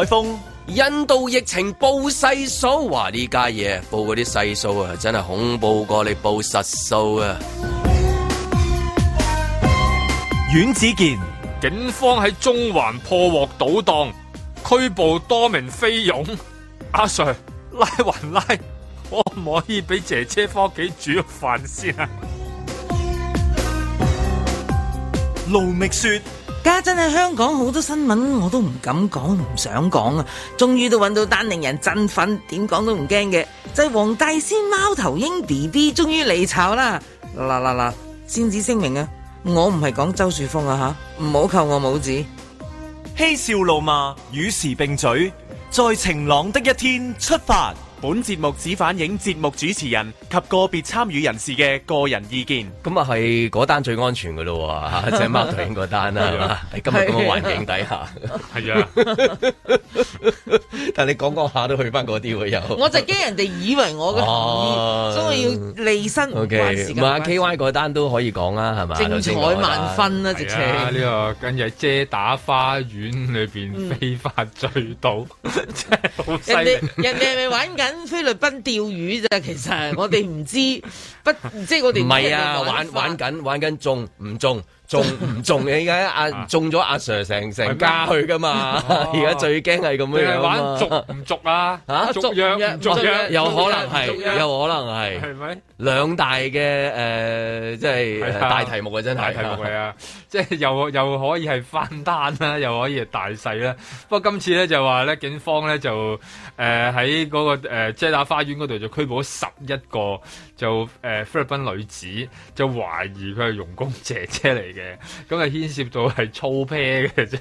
海峰，印度疫情報細數，話呢家嘢報嗰啲細數啊，真係恐怖過你報實數啊！阮子健，警方喺中環破獲賭檔，拘捕多名菲傭。阿、啊、Sir，拉還拉，可唔可以俾姐姐返屋企煮飯先啊？盧覓雪。家真係香港好多新聞，我都唔敢講，唔想講、就是、啊！終於都揾到單令人振奮，點講都唔驚嘅，就係黃大仙貓頭鷹 B B 終於離巢啦！嗱嗱嗱！先至聲明啊，我唔係講周樹峰啊吓，唔好扣我帽子。嬉笑怒罵，與時並嘴，在晴朗的一天出發。本節目只反映節目主持人及個別參與人士嘅個人意見。咁啊，係嗰單最安全噶咯，即係貓頭鷹嗰單啦，係嘛？喺今日咁嘅環境底下，係啊。但係你講講下都去翻嗰啲喎又。我就驚人哋以為我嘅同意，所以我要離身。O K，唔係 K Y 嗰單都可以講啦，係咪？精彩萬分啦，直情。呢個跟日遮打花園裏邊非法醉倒。真係好犀利。人哋人哋係咪玩緊。玩菲律賓釣魚啫，其實我哋唔知不，即係我哋唔係啊！玩玩緊，玩緊中唔中，中唔中嘅？而家阿中咗阿 Sir 成成家去噶嘛？而家最驚係咁樣。玩俗唔俗啊？吓，俗約？俗約？有可能係，有可能係，係咪？兩大嘅誒，即、呃、係大題目嘅、啊、真，大題目係啊！啊即係又又可以係翻單啦，又可以係大細啦。不過今次咧就話咧，警方咧就誒喺嗰個遮、呃、打花園嗰度就拘捕咗十一個，就誒菲律賓女子，就懷疑佢係傭工姐姐嚟嘅，咁係牽涉到係粗啤嘅啫。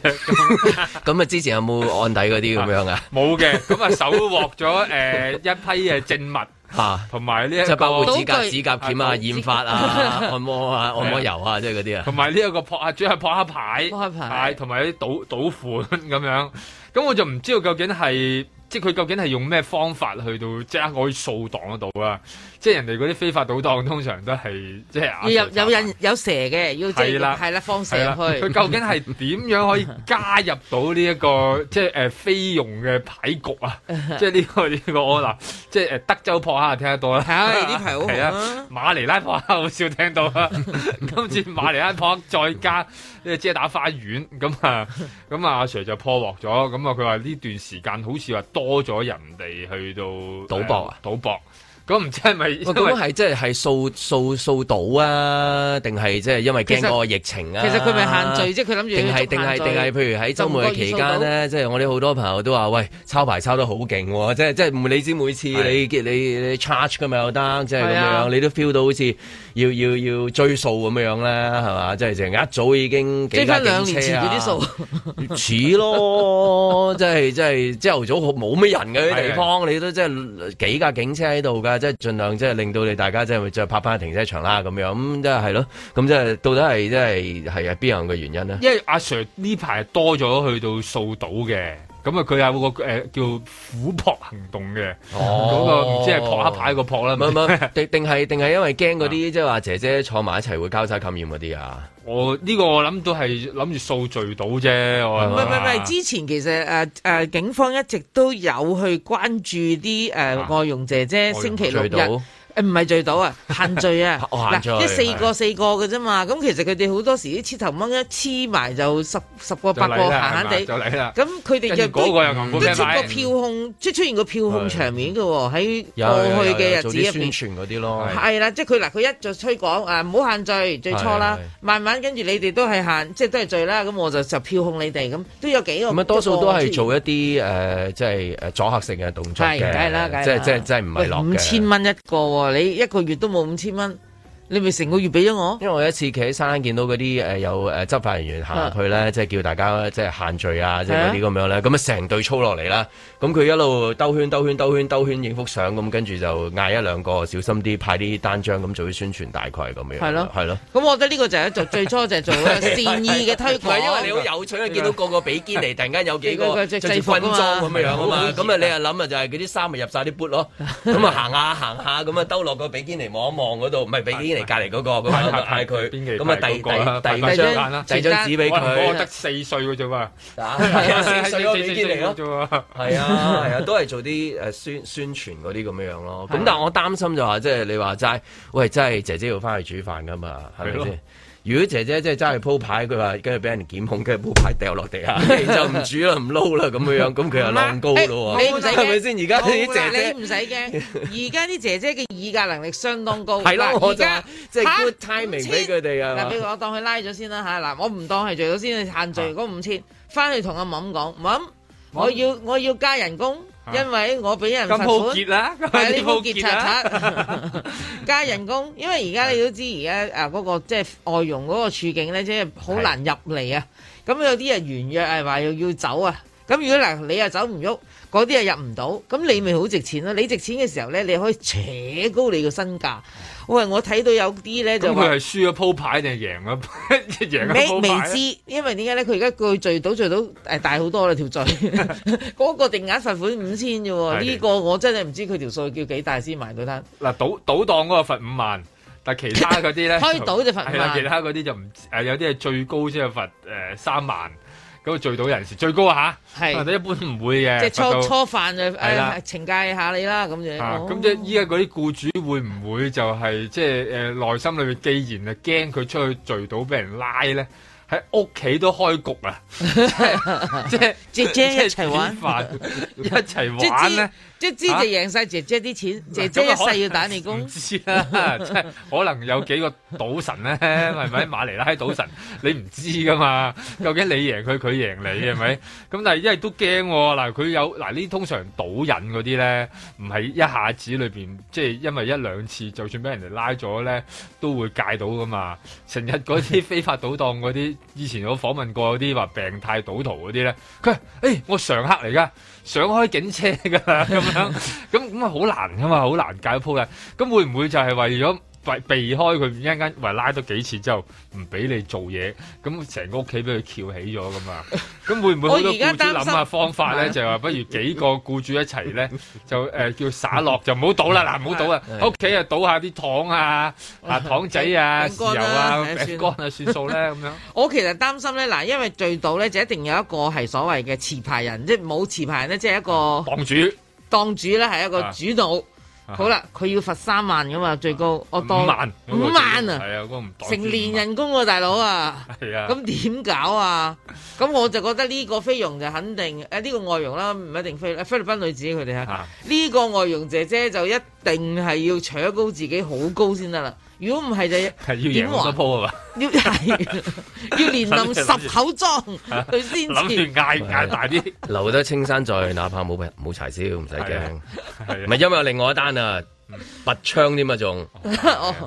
咁啊，之前有冇案底嗰啲咁樣啊？冇嘅，咁啊，手獲咗誒、 呃、一批嘅證物。嚇，同埋呢即就包括指甲、去指甲鉗啊、染髮去啊、 按摩啊、按摩油啊，即係嗰啲啊。同埋呢一個撲，主要係撲克牌，撲克牌，同埋啲賭賭款咁樣。咁我就唔知道究竟係，即係佢究竟係用咩方法去到即刻可以掃蕩得到啊？即係人哋嗰啲非法賭檔，通常都係即係。有人有蛇嘅，要係啦，係啦，放蛇入去。佢究竟係點樣可以加入到呢一個即係誒飛嘅牌局啊？即係呢個呢個嗱，即係誒德州撲克聽得多啦。係啊，呢排好。係啊，馬尼拉撲克好少聽到啦。今次馬尼拉撲克再加即係遮打花園，咁啊咁啊阿 Sir 就破獲咗。咁啊佢話呢段時間好似話多咗人哋去到賭博啊，賭博。咁唔知係咪？咁係即係係掃掃掃到啊？定係即係因為驚個疫情啊？其實佢咪限聚啫，佢諗住。定係定係定係，譬如喺周末嘅期間咧，即係我哋好多朋友都話：喂，抄牌抄得好勁，哦，即係即係唔理你每次你的你你，你，你 charge 咁咪有單，即係咁樣，你都 feel 到好似要要要追數咁樣啦係嘛？即係成日一早已經幾架警車啊！似 咯，即係即係朝頭早冇咩人嘅的地方，你都即係幾架警車喺度㗎。即係盡量，即係令到你大家即係再拍返停車場啦咁樣，咁、嗯、即係係咯，咁即係到底係即係係係邊樣嘅原因呢？因為阿 Sir 呢排多咗去到掃賭嘅。咁啊，佢、嗯、有個、呃、叫虎撲行動嘅，嗰、哦嗰個唔知係撲克牌個撲啦。定定係定係因為驚嗰啲即係話姐姐坐埋一齊會交叉感染嗰啲啊？我呢、呢個我諗都係諗住數聚到啫。唔係唔係唔係，之前其實、啊啊、警方一直都有去關注啲、啊啊、外傭姐姐，星期六日。唔係聚到啊，限聚啊！嗱，即四個四個嘅啫嘛。咁其實佢哋好多時啲黐頭掹一黐埋就十十個八個，閒閒哋。咁佢哋就即出現個票控，即出現個票控場面嘅喎。喺過去嘅日子入面做啲宣傳嗰啲咯。係啦，即佢嗱，佢一就推廣啊，唔好限聚。最初啦，慢慢跟住你哋都係限，即都係聚啦。咁我就就票控你哋咁，都有幾個咁多數都係做一啲誒，即係誒阻嚇性嘅動作嘅，即即即唔係落五千蚊一個喎。你一個月都冇五千蚊。你咪成個月俾咗我？因為我一次企喺山見到嗰啲誒有誒執法人員行落去咧，啊、即係叫大家即係限聚啊，啊即係嗰啲咁樣咧，咁啊成隊操落嚟啦。咁佢一路兜圈兜圈兜圈兜圈影幅相，咁跟住就嗌一兩個小心啲派啲單張，咁做啲宣傳大，大概係咁樣。係咯、啊，係咯。咁我覺得呢個就係最初就係做善意嘅推廣、 啊啊啊啊啊。因為你好有趣啊！見到個個比堅尼，突然間有幾個著住軍裝咁樣、啊、嘛，咁啊樣你啊諗啊就係嗰啲衫咪入晒啲撥咯，咁啊行下行下咁啊兜落個比堅尼望一望嗰度，唔係比堅尼。隔離嗰、那個，咁啊佢，咁啊遞遞遞張遞張紙俾佢，得四歲嘅啫嘛，四歲係 啊係啊，都係做啲宣宣傳嗰啲咁樣樣咯。咁 但係我擔心就話，即係你話齋，喂，真係姐姐要翻去煮飯㗎嘛？係咪先的？如果姐姐即係揸去鋪牌，佢話跟住俾人檢控，跟住鋪牌掉落地下，就唔煮啦，唔撈啦咁樣樣，咁佢又浪高啦喎，係咪先？而家啲姐姐，你唔使驚，而家啲姐姐嘅議價能力相當高，係啦，我就即係 good timing 俾佢哋啊。嗱，譬如我當佢拉咗先啦嚇，嗱，我唔當係罪咗先，限聚嗰五千，翻去同阿冇講冇，我要我要加人工。因為我俾人罰款啦，係你鋪結拆拆，啊、 加人工。因為而家你都知，而家誒嗰個即係外傭嗰個處境咧，即係好難入嚟啊。咁是的 有啲人原約，係話又要走啊。咁如果嗱，你又走唔喐，嗰啲又入唔到，咁你咪好值錢咯。你值錢嘅時候咧，你可以扯高你個身價。喂，我睇到有啲咧、嗯、就佢係輸咗鋪牌定係贏咗贏咗鋪牌未，未知，因為點解咧？佢而家佢聚賭聚賭誒、哎、大好多啦，條罪嗰個定額罰款五千啫，喎呢的個我真係唔知佢條數叫幾大先埋到單。嗱，賭賭檔嗰個罰五萬，但係其他嗰啲咧開賭就罰五萬，係咪其他嗰啲就唔誒有啲係最高先係罰誒三萬。嗰個聚賭人士最高吓，但、啊、係是、啊、一般唔會嘅。即係初到初犯就誒的、呃、懲戒下你啦咁樣。咁的、哦、即係依家嗰啲僱主會唔會就係、是、即係誒、呃、內心裏面既然啊驚佢出去聚賭俾人拉咧，喺屋企都開局啊！即係即係一齊玩， 是一齊玩咧。即知就贏晒姐姐啲錢，啊、姐姐一世要打你工。啊啊、唔知啦、啊， 即係可能有幾個賭神咧、啊，係咪？ 馬尼拉賭神，你唔知噶嘛？究竟你贏佢，佢贏你係咪？咁但係因為都驚，啊，嗱佢有嗱呢通常賭癮嗰啲咧，唔係一下子裏邊即係因為一兩次，就算俾人哋拉咗咧，都會戒到噶嘛。成日嗰啲非法賭檔嗰啲，以前我訪問過嗰啲話病態賭徒嗰啲咧，佢誒、欸、我常客嚟噶。想開警車㗎，咁樣咁咁好難㗎嘛，好難解到 p 嘅。咁會唔會就係為咗？避避開佢，一陣間話拉多幾次之後，唔俾你做嘢，咁成個屋企俾佢翹起咗咁啊。咁會唔會好多僱主諗下方法咧，就話不如幾個僱主一齊咧，就誒叫灑落，就唔好倒啦，嗱唔好倒啦，屋企啊倒下啲糖啊、啊糖仔啊、油啊、餅乾啊，算數咧咁樣。我其實擔心咧，嗱，因為聚賭咧就一定有一個係所謂嘅持牌人，即係冇持牌咧，即係一個檔主，檔主咧係一個主導。好啦，佢要罰三萬噶嘛，最高我當五萬，五萬啊！係啊，我唔成年人工啊，大佬啊！係 是啊，啊，咁點搞啊？咁我就覺得呢個菲傭就肯定誒，呢個外傭啦，唔一定菲，菲律賓女子佢哋啊，呢個外傭姐姐就一定係要扯高自己好高先得啦。如果唔係就點玩得鋪啊嘛？要係 要連淋十口裝佢先至嗌嗌大啲。 留得青山在，哪怕冇冇柴燒，唔使驚。咪、啊啊、因為有另外一單啊！拔槍添、 哦、啊，仲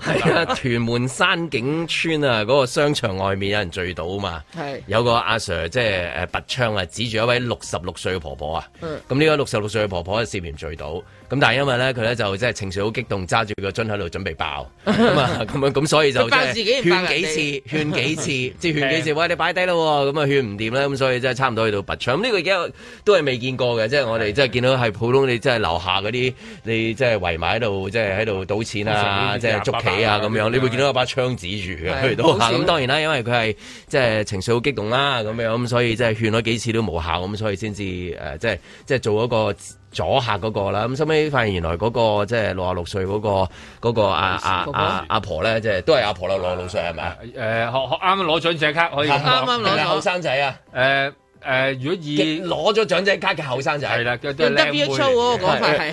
係啊屯門山景村啊，嗰、那個商場外面有人聚賭啊嘛，係是有個阿 Sir 即係誒拔槍啊，指住一位六十六歲嘅婆婆啊，嗯，咁呢個六十六歲嘅婆婆涉嫌聚賭，咁但係因為咧佢咧就即係情緒好激動，揸住個樽喺度準備爆，咁啊咁啊咁，樣所以就自己勸幾次，勸幾次，即係勸幾次，喂，你擺低啦，咁啊勸唔掂咧，咁所以真係差唔多去到拔槍，咁呢個而家都係未見過嘅，即係我哋即係見到係普通你即係樓下嗰啲，你即係圍埋喺度。即係喺度賭錢啊，八八 an, 即係捉棋啊，咁樣你會見到有把槍指住佢，啊啊，咁、嗯。當然啦，因為佢係即係情緒好激動啦，咁樣咁所以即係勸咗幾次都無效，咁所以先至誒，即係即係做一個阻嚇嗰、那個啦。咁收尾發現原來嗰、那個即係六、那個那個、啊六歲嗰個個阿阿阿阿婆咧，即係都係阿婆啦，六啊六歲係咪啊？誒、呃，啱啱攞咗隻卡可以，啱啱攞後生仔啊！誒。誒、呃，如果以攞咗長者卡嘅後生仔係啦，用 W H O 嗰個講法係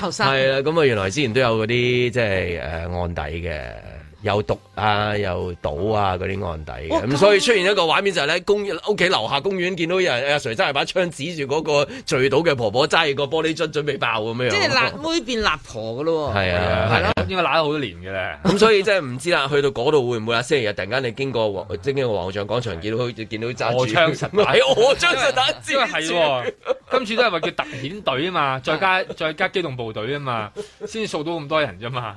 後生，係啦。咁啊，原來之前都有嗰啲即係誒、呃，案底嘅。有毒啊，有賭啊，嗰啲案底咁，所以出現一個畫面就係喺公屋企樓下公園見到有人阿 Sir 真係把槍指住嗰個醉倒嘅婆婆，揸住個玻璃樽準備爆咁樣。即係辣妹變辣婆嘅咯，係啊，係咯，應該辣咗好多年嘅啦。咁所以真係唔知啦，去到嗰度會唔會啊？星期日突然間你經過黃，即係個皇將廣場見到，見到揸住槍，係我槍實打，只係係，今次都係話叫特遣隊啊嘛？再加，再加機動部隊啊嘛，先掃到咁多人啫嘛。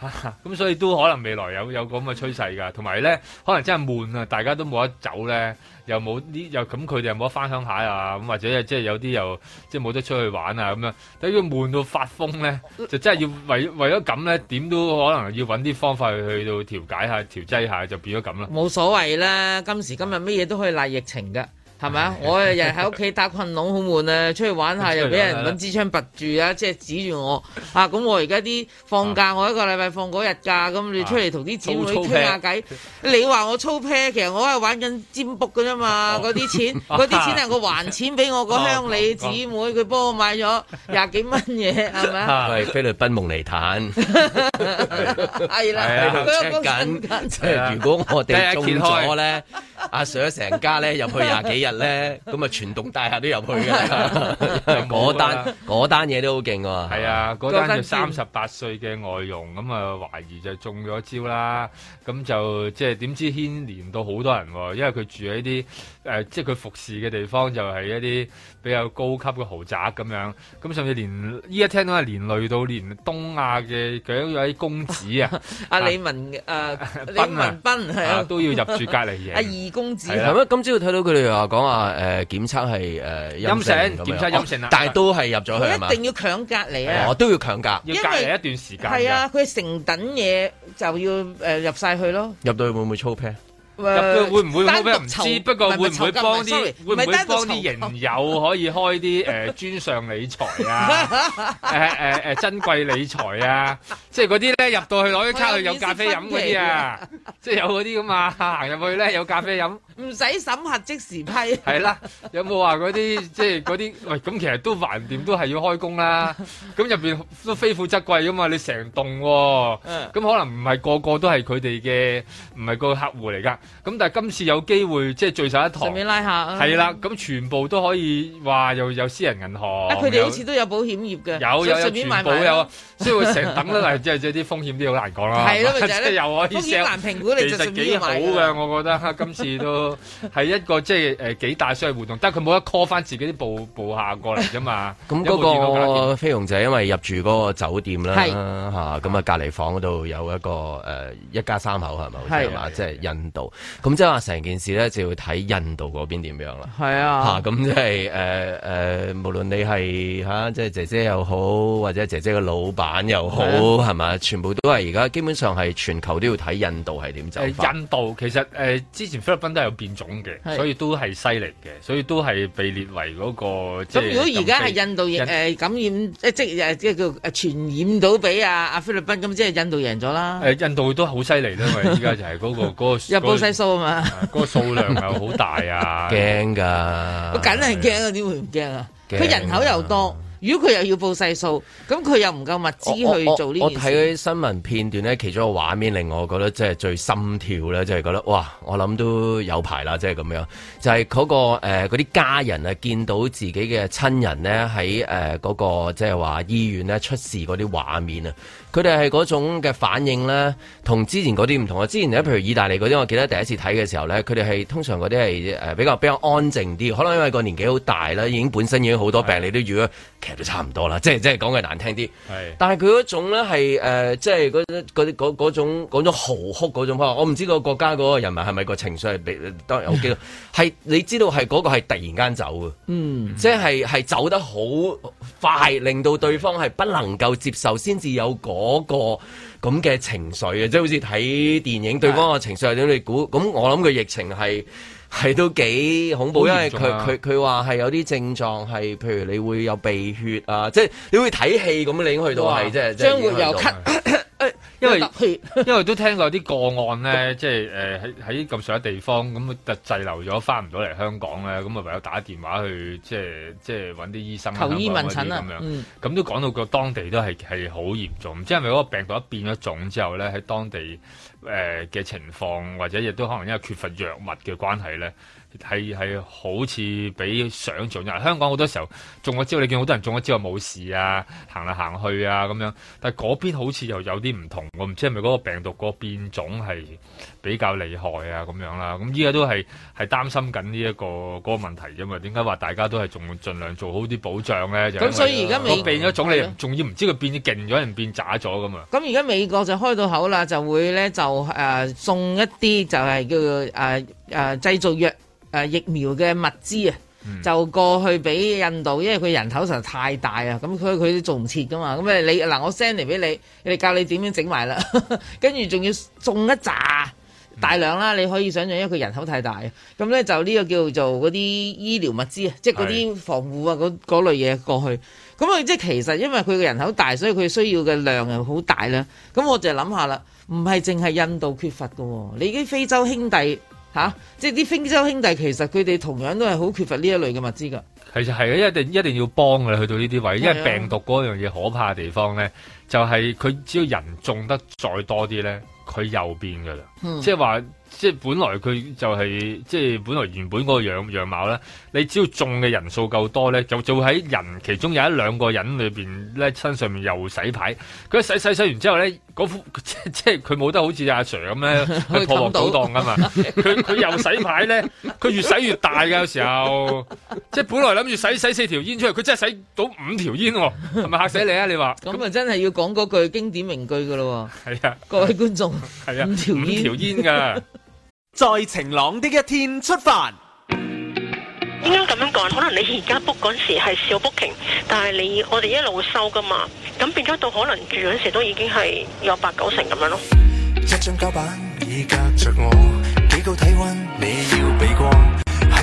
咁 所以都可能未來有有個咁嘅趨勢㗎，同埋咧可能真係悶啊！大家都冇得走咧，又冇呢，又咁佢哋又冇得翻鄉下啊，咁或者即係有啲又即係冇得出去玩啊咁樣，等於悶到發瘋咧，就真係要為為咗咁咧點都可能要揾啲方法去到調解下、調劑下就變咗咁啦。冇所謂啦，今時今日乜嘢都可以賴疫情㗎。係咪啊？我日日喺屋企打困籠好悶啊！出去玩下又俾人咁支槍拔住啊！即係指住我啊！咁我而家啲放假，我一個禮拜放嗰日假，咁你出嚟同啲姊妹傾下偈。你話我粗啤，其實我係玩緊占卜㗎啫嘛。嗰啲錢，嗰啲錢係我還錢俾我個鄉里姊妹，佢幫我買咗廿幾蚊嘢，係咪啊？係菲律賓蒙尼坦，係啦。我 check 緊，即係如果我哋中咗咧，阿 Sir 成家咧入去廿幾日。咧咁啊，全棟大廈都入去嘅，嗰單嗰單嘢都好勁喎。係啊，嗰單就三十八歲嘅外傭，咁啊懷疑就中咗招啦。咁就即係點知牽連到好多人，因為佢住喺啲。誒、呃，即係佢服侍嘅地方就係一啲比較高級嘅豪宅咁樣，咁甚至連依家聽到係連累到連東亞嘅幾位公子啊，阿、啊、李文誒，文斌係啊，啊啊啊都要入住隔離嘅。阿二公子係、啊啊、今朝睇到佢哋話講話誒，檢測係誒、呃、陰，陰性，檢測陰性、哦、但係都係入咗去，一定要強隔離啊，我、啊啊、都要強隔，要隔離一段時間係啊，佢係成等嘢就要誒入晒去咯，入到去會唔會操啤？誒會唔會獨會咩唔知？不過會唔會幫啲會唔會幫啲營友可以開啲誒專上理財啊？誒誒誒珍貴理財啊！ 即係嗰啲咧入到去攞啲卡，去有咖啡飲嗰啲啊！即係有嗰啲咁啊，行入 去咧有咖啡飲。 唔使審核，即時批。係啦，有冇話嗰啲即係嗰啲？喂，咁其實都橫掂，都係要開工啦。咁入面都非富則貴噶嘛，你成棟喎、喔。咁可能唔係個個都係佢哋嘅，唔係個客戶嚟㗎。咁但係今次有機會即係聚首一堂。順便拉下。係啦，咁全部都可以話又有私人銀行。佢哋好似都有保險業嘅有。有有有。所以會成等得 即係即係啲風險啲好難講啦。係咯， 咪就係、是、咧。吧風險難評估你就順便買，你。其實幾好嘅，我覺得今次都。係 一個即係誒、呃、幾大商業活動，但係佢冇得 call 翻自己啲部部下過嚟啫嘛。咁嗰 個菲傭就因為入住嗰個酒店啦，吓咁是啊隔離房嗰度有一個誒、呃、一家三口係咪？係即係印度。咁即係話成件事咧，就要睇印度嗰邊點樣啦。係啊，吓咁即係誒誒，無論你係吓、啊、即係姐姐又好，或者姐姐個老闆又好，係咪的？全部都係而家基本上係全球都要睇印度係點走、呃。印度其實誒、呃、之前菲律賓都有。變種嘅，所以都係犀利嘅，所以都係被列為嗰、那個即係。咁如果而家係印度誒、呃、感染，即係即係叫傳染到俾啊啊菲律賓，咁即係印度贏咗啦。誒，印度都好犀利啦，因為依家就係嗰個嗰個。又報細數啊嘛，嗰 個數量又好大啊怕的，驚㗎。我梗係驚啊，點會唔驚啊？佢人口又多。啊如果佢又要報細數，咁佢又唔夠物資去做呢件事。我睇新聞片段咧，其中一個畫面令我覺得即係最心跳咧，即係覺得哇！我諗都有排啦，即係咁樣。就係嗰個誒嗰啲家人啊，見到自己嘅親人呢喺誒嗰個即係話醫院咧出事嗰啲畫面啊，佢哋係嗰種嘅反應咧，同之前嗰啲唔同啊。之前呢，譬如意大利嗰啲，我記得第一次睇嘅時候咧，佢哋係通常嗰啲係誒比較比較安靜啲，可能因為個年紀好大啦，已經本身已經好多病，你都的如果。其實都差唔多啦，即係即係講句難聽啲，是的 但係佢嗰種咧係誒，即係嗰嗰嗰種嗰種嚎哭嗰種，法我唔知個國家嗰個人民係咪個情緒係，當然我記得係你知道係嗰、那個係突然間走嘅，嗯即，即係係走得好快，令到對方係不能夠接受，先至有嗰個咁嘅情緒嘅，即係好似睇電影是的 對方個情緒，係點你估，咁我諗佢疫情係。係都幾恐怖，啊、因為佢佢佢話係有啲症狀係，譬如你會有鼻血啊，即係你會睇戲咁，你已經去到係說即係，將會有咳，因為因為都聽過有啲個案咧， 即係喺喺咁上嘅地方咁就滯留咗，翻唔到嚟香港咧，咁啊唯有打電話去即係即係搵啲醫生求醫問診啊咁咁、嗯、都講到個當地都係係好嚴重，即係咪嗰個病毒一變咗種之後咧，喺當地。誒嘅、呃、情況，或者亦都可能因為缺乏藥物嘅關係咧。係係好似比想象入香港好多時候，中咗之後，你見好多人中咗之後冇事啊，行嚟行去啊咁樣。但嗰邊好似又有啲唔同，我唔知係咪嗰個病毒個變種係比較厲害啊咁樣啦。咁依家都係係擔心緊呢一個嗰、嗰個問題啫嘛。點解話大家都係仲盡量做好啲保障咧？咁所以而家美、嗯、個變咗種，你仲要唔知佢變咗勁咗定變渣咗咁嘛？咁而家美國就開到口啦，就會咧就誒送、呃、一啲就係叫做誒、呃呃、製造藥。啊、疫苗嘅物資啊，嗯、就過去俾印度，因為佢人口實在太大啊，咁佢佢做唔切噶嘛，咁誒你嗱我 send 嚟俾你，你哋教你點樣整埋啦，跟住仲要送一紮大量啦，嗯、你可以想象，因為佢人口太大，咁咧就呢個叫做嗰啲醫療物資啊，是即係嗰啲防護啊，嗰類嘢過去，咁啊即係其實因為佢嘅人口大，所以佢需要嘅量又好大啦。咁我就諗下啦，唔係淨係印度缺乏㗎喎，你啲非洲兄弟。吓，即係啲非洲兄弟，其實佢哋同樣都係好缺乏呢一類嘅物資噶。係就係啊，一定一定要幫佢去到呢啲位，因為病毒嗰樣嘢可怕嘅地方咧，是的 就係佢只要人種得再多啲咧，佢又變噶啦、嗯。即係話、就是，即係本來佢就係，即係本來原本嗰個樣樣貌咧，你只要種嘅人數夠多咧，就就會喺人其中有一兩個人裏邊咧身上面又洗牌。佢洗洗洗完之後咧。 即即係佢冇得好似阿 Sir 咁咧，破唔到檔噶嘛？佢佢又洗牌咧，佢越洗越大噶。有時候即係本來諗住洗洗四條煙出嚟，佢真係洗到五條煙，係咪吓死你啊？你話咁啊？真係要講嗰句經典名句噶咯？係啊，各位觀眾，係啊係啊，五條煙噶，在晴朗的一天出發。應該咁樣講，可能你而家 book 嗰時係少 booking，但係你我哋一路會收噶嘛，咁變咗到可能住嗰時都已經係有八九成咁樣咯。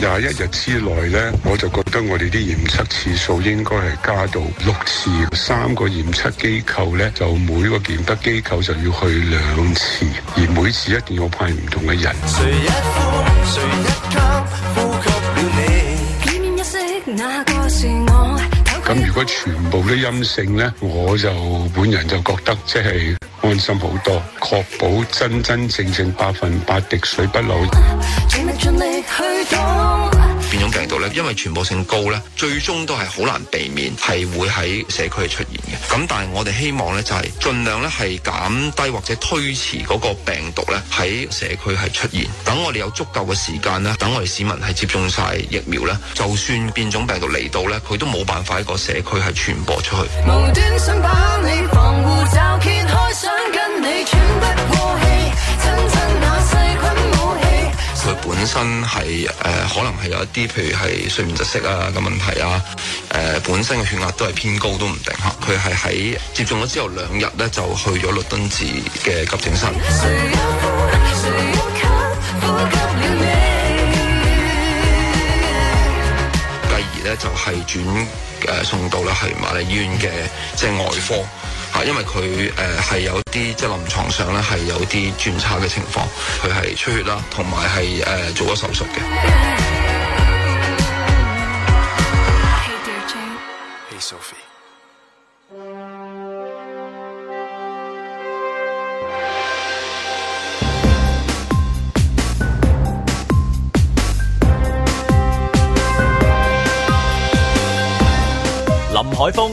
廿一日之內呢，我就覺得我哋啲檢測次數應該係加到六次，三個檢測機構呢，就每個檢測機構就要去兩次，而每次一定要派唔同嘅人。隨一呼，隨一吸，呼吸了你。咁如果全部都陰性呢，我就本人就覺得即係安心好多，確保真真正正百分百滴水不漏。 病毒咧，因為傳播性高咧，最終都係好難避免，係會喺社區出現嘅。咁但係我哋希望咧，就係盡量咧係減低或者推遲嗰個病毒咧喺社區係出現。等我哋有足夠嘅時間啦，等我哋市民係接種晒疫苗咧，就算變種病毒嚟到咧，佢都冇辦法喺個社區係傳播出去。無端想把你防護罩揭開。本身係誒、呃，可能係有一啲，譬如係睡眠窒息啊嘅問題啊，誒、呃、本身嘅血壓都係偏高都唔定嚇。佢係喺接種咗之後兩日咧，就去咗律敦治嘅急症室。繼而咧就係、是、轉誒、呃、送到咧係瑪麗醫院嘅即係外科。因為佢誒係有啲即係臨床上咧係有啲轉差嘅情況，佢係出血啦，同埋係誒做咗手術嘅。林海峰。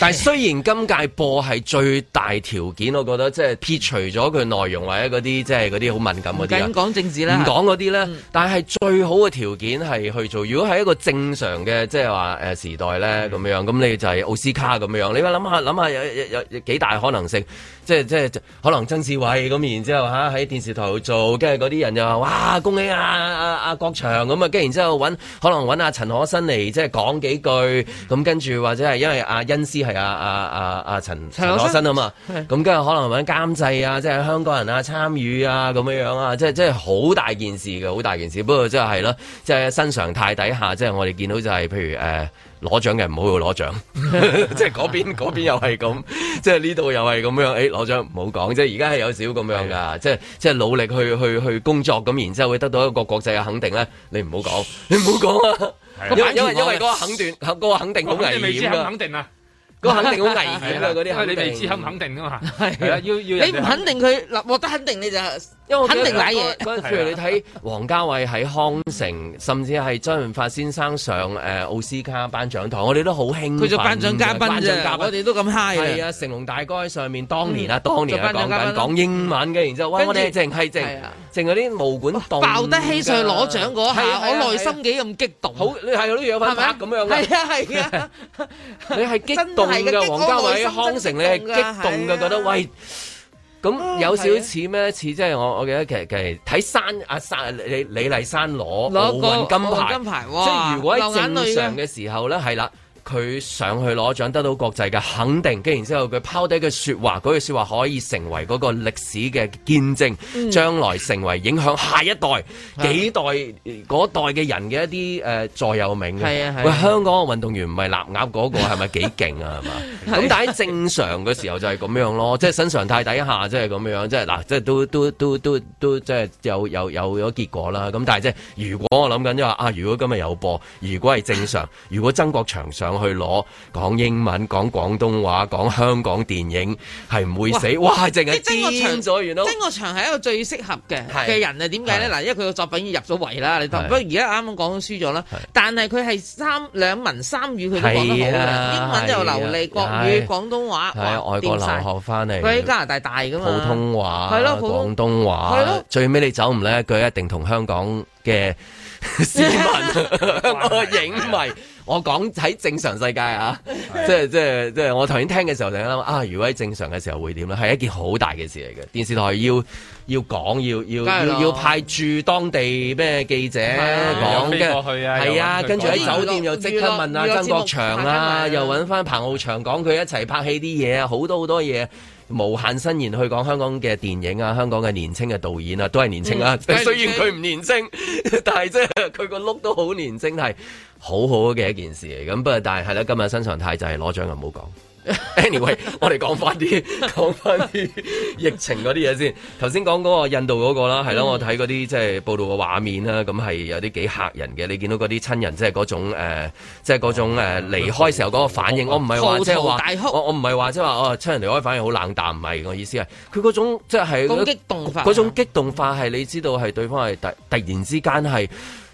但係雖然今屆播係最大條件，我覺得即係撇除咗佢內容或者啲即係啲好敏感嗰啲，唔講政治啦，唔講啲咧。嗯、但係最好嘅條件係去做。如果係一個正常嘅即係話誒時代咧咁樣咁你就係奧斯卡咁樣，你咪諗下諗下有有有，有幾大可能性？即係即係可能曾志偉咁，然之後吓，喺電視台度做，跟住啲人就話哇恭喜啊啊阿、啊啊、國祥咁啊，跟然之後揾可能揾阿、啊、陳可辛嚟，即係講幾句，咁跟住或者係因為阿、啊、甄係阿阿阿阿陳陳老生啊嘛，咁今日可能搵監製啊，即係香港人啊參與啊咁樣樣啊，即係即係好大件事嘅，好大件事。不過即係係咯，即係新常態底下，即係我哋見到就係，譬如誒攞獎嘅唔好去攞獎，即係嗰邊嗰邊又係咁，即係呢度又係咁樣。誒，攞獎唔好講，即係而家係有少咁樣噶，即係即係努力去去去工作咁，然之後會得到一個國際嘅肯定咧。你唔好講，你唔好講啊！因因為因為嗰個肯定，嗰個肯定好危險。嗰肯定好危險啊！嗰啲未知肯唔肯定噶嘛？係啊，要要你唔肯定佢立獲得肯定你就肯定舐嘢。譬如你睇王家衛喺康城，甚至係周潤發先生上誒奧斯卡頒獎台，我哋都好興奮。佢做頒獎嘉賓啫，我哋都咁 high 啊！成龍大哥喺上面，當年啊，當年啊，講緊講英文嘅，然之後哇，我哋淨係淨係淨嗰啲毛管抱得起上攞獎嗰下，我內心幾咁激動。好，你係嗰啲樣發咁樣嘅。係啊，係啊，你係激動。係噶，黃家偉康城你係激動噶，動啊、覺得喂，咁有少少似咩？似、哦啊、即係我，我記得其實其實睇山阿、啊、山李李麗珊攞奧運金牌，金牌即係如果喺正常嘅時候咧，係啦。佢上去攞獎得到國際嘅肯定，跟然之後佢拋低嘅說話，嗰句說話可以成為嗰個歷史嘅見證，嗯、將來成為影響下一代、嗯、幾代嗰代嘅人嘅一啲誒座右銘。係、呃、啊係。啊香港個運動員唔係臘鴨、那、嗰個係咪幾勁啊？係嘛。咁但係正常嘅時候就係咁樣咯，即係新常態底下即係咁樣，即係嗱，即係、就是、都都都都都即係、就是、有有有咗結果啦。咁但係即係如果我諗緊即係啊，如果今日有播，如果係正常， 如果曾國祥上。去攞講英文、講廣東話、講香港電影，係唔會死哇！淨係啲曾國祥咗，原來曾國祥係一個最適合嘅嘅人啊！點解咧？嗱，因為佢個作品已入咗圍啦。你不過而家啱啱講輸咗啦。但係佢係三兩文三語，佢都講得好。英文就流利，國語廣東話，外國留學翻嚟，佢喺加拿大大噶嘛，普通話係咯，廣東話係咯，最尾你走唔甩，佢一定同香港嘅市民香港嘅影迷。我講喺正常世界啊，是的 即係即係即係我頭先聽嘅時候就係諗啊，如果喺正常嘅時候會點咧？係一件好大嘅事嚟嘅，電視台要要講，要要然要要派住派駐當地咩記者講嘅，係的啊，的啊，跟住喺酒店又即刻問阿曾國祥啦，又搵翻彭浩翔講佢一齊拍戲啲嘢啊，好多好多嘢。無限伸延去講香港嘅電影啊，香港嘅年青嘅導演啊，都係年青啊。嗯、雖然佢唔年青，嗯、但係即係佢個碌都好年青，係好好嘅一件事。嚟。咁不過但係係啦，今日新常態就係攞獎就唔好講。Anyway，我哋講翻啲，講翻啲疫情嗰啲嘢先。頭先講嗰個印度嗰個啦，係咯、嗯，我睇嗰啲即係報道嘅畫面啦，咁係有啲幾吓人嘅。你見到嗰啲親人即係嗰種誒，即係嗰種誒離開時候嗰個反應，我唔係話即係話，我我唔係話即係話，我親人離開反應好冷淡，唔係。我意思係佢嗰種即係嗰種激動化，係你知道係對方係突突然之間係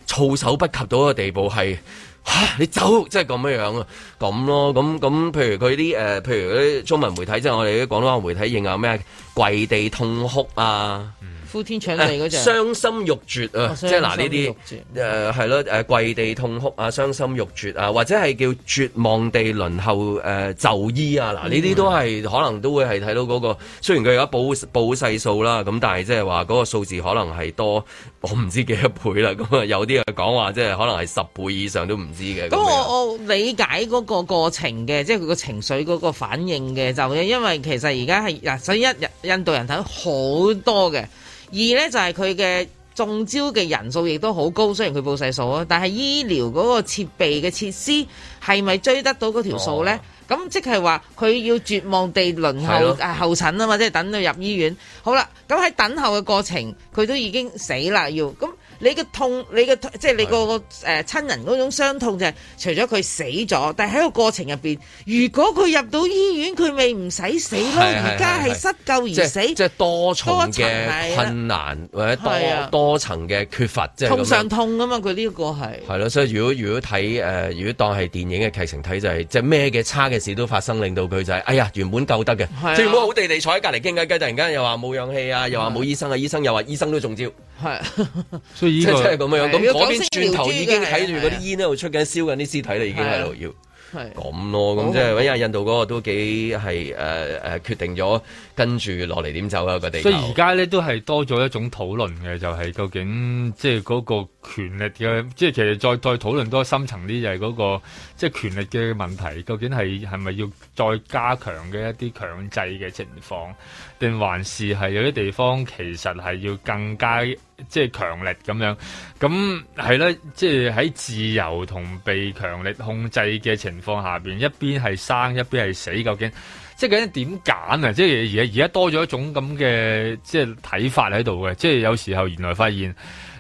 措手不及到個地步係。吓、啊，你走，即係咁樣啊，咁咯，咁咁、呃，譬如佢啲誒，譬如嗰啲中文媒體，即係我哋啲廣東話媒體認有，認啊咩跪地痛哭啊！呼天搶地嗰隻傷心欲絕啊！即係嗱呢啲誒係咯誒跪地痛哭啊，傷心欲絕啊、呃，或者係叫絕望地輪候誒、呃、就醫啊！嗱呢啲都係、嗯、可能都會係睇到嗰、那個，雖然佢而家報報細數啦，咁但係即係話嗰個數字可能係多我唔知幾多倍啦。咁啊有啲人講話即係可能係十倍以上都唔知嘅。咁我麼我理解嗰個過程嘅，即係佢個情緒嗰個反應嘅，就因為其實而家係嗱，所以一印度人睇好多嘅。二呢就係佢嘅中招嘅人數亦都好高，雖然佢報曬數啊，但係醫療嗰個設備嘅設施係咪追得到嗰條數呢？咁、哦、即係話佢要絕望地輪候候了診啊嘛，即係等到入醫院。好啦，咁喺等候嘅過程，佢都已經死啦要咁。你嘅痛，你嘅即係你個誒親人嗰種傷痛就係、是，除咗佢死咗，但係喺個過程入邊，如果佢入到醫院，佢未唔使死咯。而家係失救而死，是是是即係多重嘅困難或者多的多層嘅缺乏，即係痛上痛啊嘛。佢呢個係係咯，所以如果如果睇誒、呃，如果當係電影嘅劇情睇就係，即係咩嘅差嘅事都發生，令到佢就係、是，哎呀，原本救得嘅，是的即係冇好地地坐喺隔籬傾下偈，突然間又話冇氧氣啊，又話冇醫生啊的，醫生又話醫生都中招。係，所以即係咁樣樣，咁嗰邊轉頭已經睇住嗰啲煙喺度出緊，燒緊啲屍體啦，已經喺度要，係咁咯，咁的即係，因為印度嗰個都幾係誒誒，uh, uh, 決定咗跟住落嚟點走啦，佢哋，所以而家咧都係多咗一種討論嘅，就係、是、究竟即係嗰、那個。權力嘅，即係其實再再討論多深層啲，就係嗰個即係權力嘅問題，究竟係係咪要再加強嘅一啲強制嘅情況，定還是係有啲地方其實係要更加即係強力咁樣？咁係啦，即係喺自由同被強力控制嘅情況下面，一邊係生，一邊係死，究竟即係究竟點揀啊？即係而家而家多咗一種咁嘅即係睇法喺度嘅，即係有時候原來發現。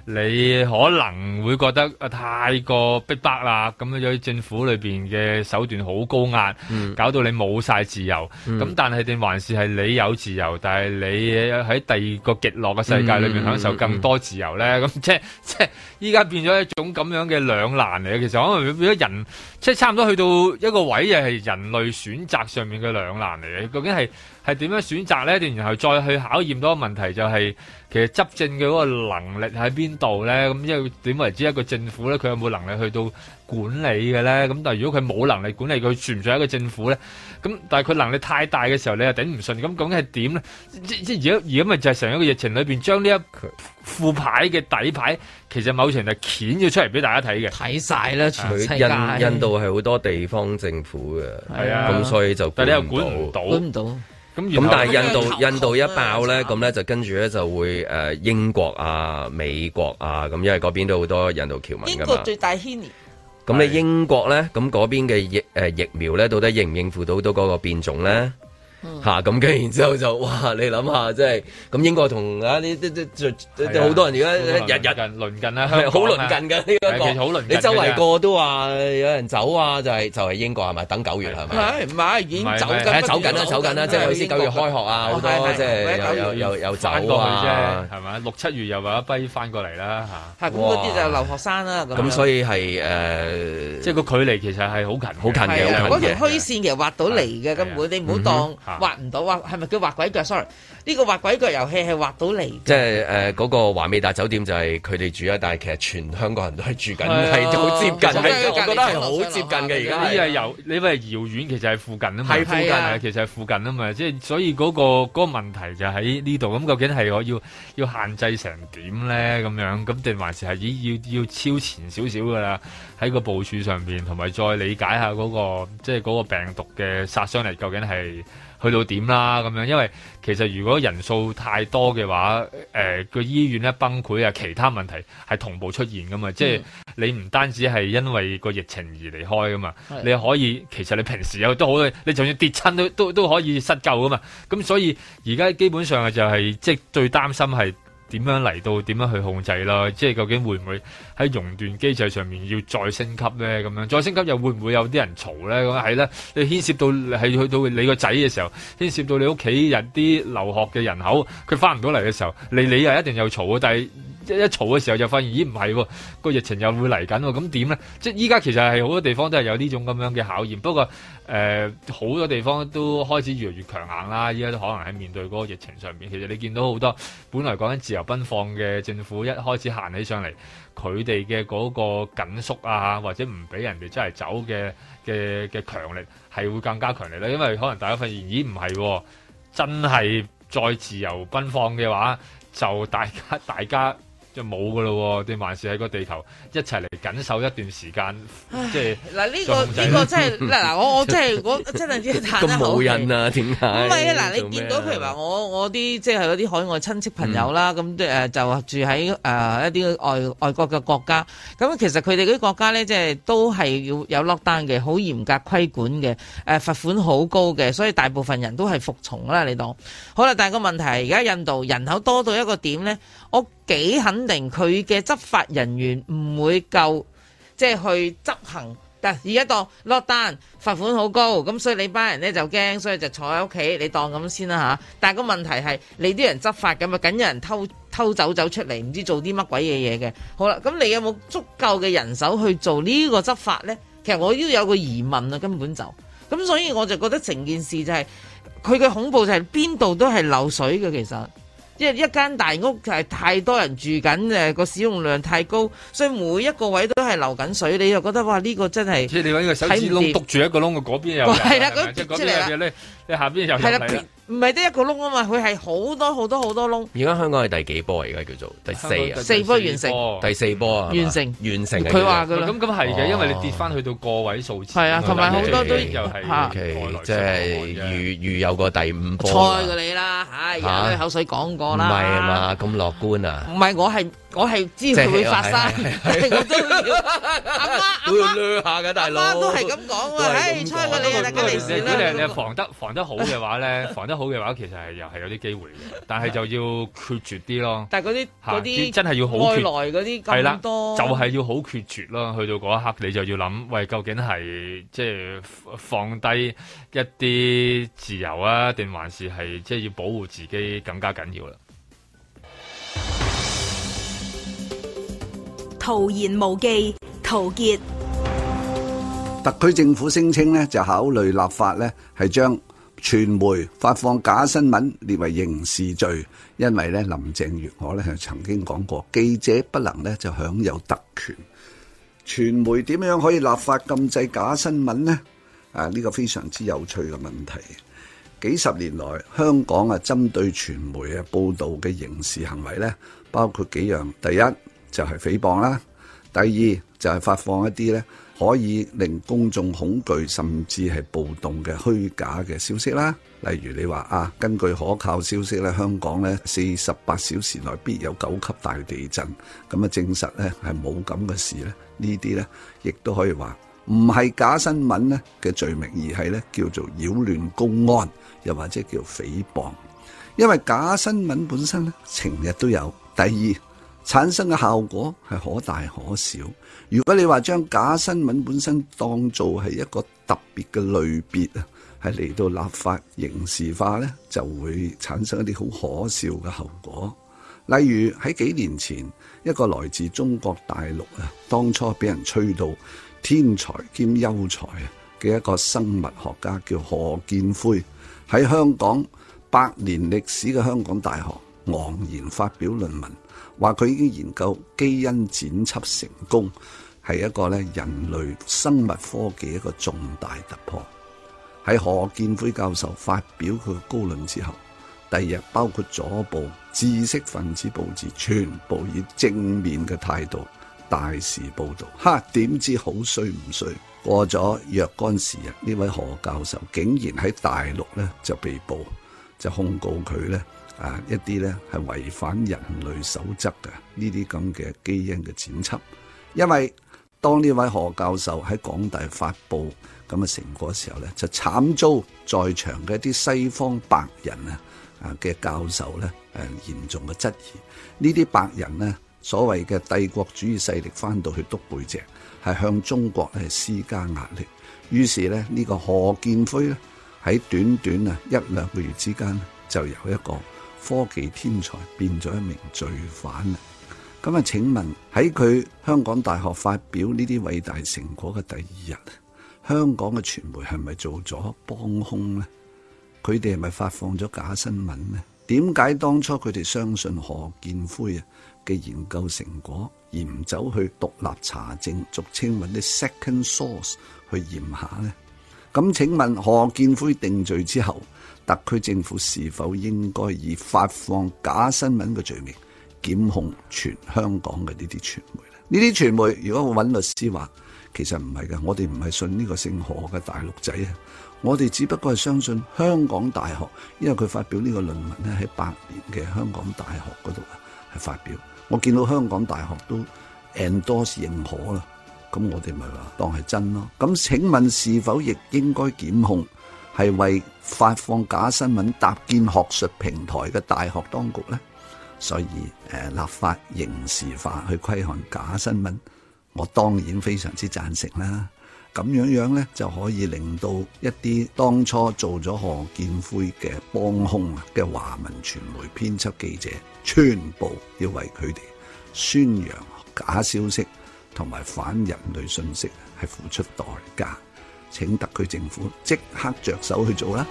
你可能會覺得啊，太過逼迫啦，咁樣喺政府裏邊嘅手段好高壓，搞到你冇晒自由。咁但係定還是係你有自由，但係你喺第二個極樂嘅世界裏邊享受更多自由呢？咁即係即係依家變咗一種咁樣嘅兩難嚟。其實可能變咗人。即係差唔多去到一個位，又係人類選擇上面嘅兩難嚟嘅。究竟係係點樣選擇呢？然後再去考驗到個問題，就係，就係其實執政嘅嗰個能力喺邊度呢？咁因為點為之一個政府呢，佢有冇能力去到？管理嘅咧，咁但係如果佢冇能力管理，佢算唔算係一個政府咧？咁但係佢能力太大嘅時候，你又頂唔順，咁究竟係點咧？即即而家而家咁咪就係成一個疫情裏邊，將呢一副牌嘅底牌，其實某程度係掀咗出嚟俾大家睇嘅。睇晒啦，全世界。印，印度係好多地方政府嘅，係啊，咁所以就但係你又管唔到，管唔到。咁後但係印度、啊、印度一爆咧，咁咧就跟住咧就會誒、呃、英國啊、美國啊，咁因為嗰邊都好多印度僑民㗎嘛。英國最大牽連咁你英國呢？咁嗰邊嘅疫呃疫苗呢？到底應唔應付到到嗰個變種呢？吓，咁跟然之後就哇！你諗下，即係咁英國同啊啲啲好多人而家日日輪近啦，好輪近嘅呢個你周圍個都話有人走啊，就係就係英國係咪？等九月係咪？唔係已經走緊，走緊啦，走緊啦，即係先九月開學啊，即係又又又走過佢啫，係嘛？六七月又有一批翻過嚟啦，嚇。咁，嗰啲就留學生啦。咁所以係誒，即係個距離其實係好近，好近嘅，好近嘅。嗰條虛線其實畫到嚟嘅，根本你唔好當。畫唔到啊！係咪叫畫鬼腳？Sorry。呢個畫鬼腳遊戲係畫到嚟，即係誒嗰個華美達酒店就係佢哋住啊！但係其實全香港人都係住緊，係好、啊、接近，我覺得係好接近嘅。而家呢啲係遙，呢啲係遠，其實係附近啊嘛。係、啊、附近其實係附近啊嘛。即係、啊、所以嗰、個嗰、個問題就喺呢度。咁究竟係我要要限制成點咧？咁樣咁定還是係要要超前少少㗎啦？喺個部署上面，同埋再理解下嗰個即係嗰個病毒嘅殺傷力究竟係去到點啦？咁樣因為。其實如果人數太多嘅話，誒、呃、個醫院咧崩潰啊，其他問題係同步出現噶嘛，嗯、即係你唔單止係因為個疫情而離開噶嘛，是的 你可以其實你平時有都好，你仲要跌親都都都可以失救噶嘛，咁所以而家基本上就係、是、即係最擔心係。點樣嚟到點樣去控制啦？即係究竟會唔會喺熔斷機制上面要再升級呢？咁樣再升級又會唔會有啲人嘈呢？咁係咧，你牽涉到係去到你個仔嘅時候，牽涉到你屋企人啲留學嘅人口，佢翻唔到嚟嘅時候，你你又一定又嘈啊！但係。一一嘈嘅時候就發現咦唔係喎，個、哦、疫情又會嚟緊喎，咁、啊、點呢？即係依家其實係好多地方都係有呢種咁樣嘅考驗，不過誒好、呃、多地方都開始越嚟越強硬啦。依家都可能喺面對嗰個疫情上面，其實你見到好多本來講緊自由奔放嘅政府，一開始行起上嚟，佢哋嘅嗰個緊縮啊，或者唔俾人哋真係走嘅嘅嘅強力係會更加強烈啦。因為可能大家發現咦，唔係、哦、真係再自由奔放嘅話，就大家大家。就冇噶咯喎！啲萬事喺個地球一齊嚟緊守一段時間，即係嗱呢個呢、這個這個真係嗱嗱我我真係我真係點睇咁冇印啊？點解唔係嗱，你見到譬如話我我啲即係嗰啲海外親戚朋友啦，咁、嗯、就住喺誒、呃、一啲外外國嘅國家，咁其實佢哋嗰啲國家咧，即、就、係、是、都係要有 l o c k 嘅，好嚴格規管嘅，誒、呃、罰款好高嘅，所以大部分人都係服從啦。你當好啦，但係個問題而家印度人口多到一個點咧。我幾肯定佢嘅執法人員唔會夠，即係去執行。但而家當落單罰款好高，咁所以你班人呢就驚，所以就坐喺屋企。你當咁先啦吓。但個問題係你啲人執法咁啊，梗有人偷偷走走出嚟，唔知做啲乜鬼嘢嘢嘅。好啦，咁你有冇足夠嘅人手去做呢個執法呢？其實我都有個疑問啊，根本就咁，所以我就覺得成件事就係佢嘅恐怖就係邊度都係漏水嘅，其實。一一間大屋係太多人住緊誒，個使用量太高，所以每一個位都係流緊水。你就覺得哇，呢、呢個真係，即係你揾個手指窿篤住一個窿，個嗰邊又係啦，即係嗰樣嘢你下邊又流係啦。唔係得一個窿啊嘛，佢係好多好多好多窿。而家香港係第幾波啊？而家叫做第四啊，四波完成，第四波啊，完成完成。佢話佢咁咁係嘅，因為你跌翻去到個位數錢。係啊，同埋好多都又係即係預預有個第五波。錯過你啦，係流口水講過啦。唔係嘛，咁樂觀啊？唔係我係我係知會發生，我都要啱啊，都要略下嘅大佬。都係咁講喎，唉，錯過你啊大家。如果你係防得防得好嘅話咧，防得。好嘅話，其實係又係有啲機會嘅，但係就要決絕啲咯。 但係嗰啲啲真係要好耐，啲係啦，就係、是、要好決絕咯。去到嗰一刻，你就要諗：喂，究竟係即係放低一啲自由啊，定還是係即係要保護自己更加緊要啦、啊？徒言無忌，陶傑，特區政府聲稱呢，就考慮立法呢，係將。傳媒發放假新聞列為刑事罪，因為咧林鄭月娥咧曾經講過，記者不能咧就享有特權。傳媒點樣可以立法禁制假新聞呢？啊，呢個非常之有趣嘅問題。幾十年來，香港啊針對傳媒啊報道嘅刑事行為咧，包括幾樣，第一就係誹謗啦，第二就係發放一啲咧。可以令公眾恐懼甚至係暴動嘅虛假嘅消息啦，例如你話啊，根據可靠消息咧，香港咧四十八小時內必有九級大地震，咁啊，證實咧係冇咁嘅事咧，呢啲咧亦都可以話唔係假新聞咧嘅罪名，而係咧叫做擾亂公安，又或者叫誹謗，因為假新聞本身咧，成日都有。第二產生嘅效果係可大可小。如果你話將假新聞本身當做係一個特別嘅類別啊，係嚟到立法刑事化呢，就會產生一啲好可笑嘅後果。例如喺幾年前，一個來自中國大陸啊，當初俾人吹到天才兼優才嘅一個生物學家叫何建輝，喺香港百年歷史嘅香港大學昂然發表論文。話佢已經研究基因剪輯成功，係一個咧，人類生物科技一個重大突破。喺何建輝教授發表佢嘅高論之後，第二日包括咗部知識分子報紙，全部以正面嘅態度大肆報道。吓，點知好衰唔衰？過咗若干時日，呢位何教授竟然喺大陸咧就被捕，就控告佢咧。啊！一啲咧係違反人類守則嘅呢啲咁嘅基因嘅剪輯，因為當呢位何教授喺港大發布咁嘅成果的時候咧，就慘遭在場嘅一啲西方白人啊啊嘅教授咧誒嚴重嘅質疑。呢啲白人咧，所謂嘅帝國主義勢力翻到去督背脊，係向中國係施加壓力。於是咧，呢個何建輝咧喺短短啊一兩個月之間就由一個科技天才變咗一名罪犯啦！咁啊？請問喺佢香港大學發表呢啲偉大成果嘅第二日，香港嘅傳媒係咪做咗幫凶呢？佢哋係咪發放咗假新聞呢？點解當初佢哋相信何建輝啊嘅研究成果，而唔走去獨立查證，俗稱揾啲 second source 去驗下呢？咁請問何建輝定罪之後，特區政府是否應該以發放假新聞嘅罪名檢控全香港嘅呢啲傳媒咧？呢啲傳媒如果我揾律師話，其實唔係㗎，我哋唔係信呢個姓何嘅大陸仔啊，我哋只不過係相信香港大學，因為佢發表呢個論文咧喺百年嘅香港大學嗰度啊，係發表。我見到香港大學都 endorse 認可啦。咁我哋咪話當係真咯。咁請問是否亦應該檢控係為發放假新聞搭建學術平台嘅大學當局呢？所以誒、呃，立法刑事化去規範假新聞，我當然非常之贊成啦。咁樣樣呢，就可以令到一啲當初做咗賀建奎嘅幫兇啊嘅華文傳媒編輯記者，全部要為佢哋宣揚假消息。同埋反人類信息係付出代價，請特區政府即刻着手去做啦！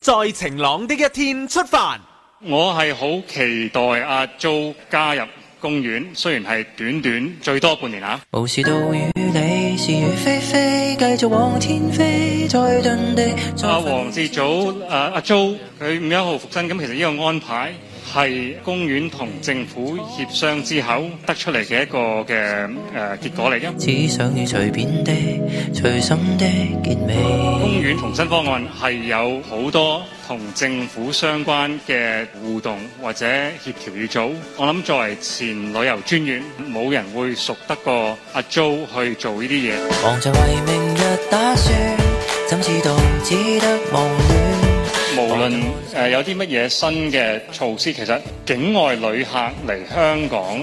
在晴朗的一天出發，我係好期待阿、啊、Jo 加入。公園雖然係短短最多半年嚇、啊呃啊。啊，黃志祖啊，阿 Jo 佢五一號復診，咁其實呢個安排。係公園同政府協商之後得出嚟嘅一個嘅誒、呃、結果嚟嘅。公園同新方案係有好多同政府相關嘅互動或者協調與組。我諗作為前旅遊專員，冇人會熟得過阿 Jo 去做呢啲嘢。無論。誒、呃、有啲乜嘢新嘅措施？其實境外旅客嚟香港，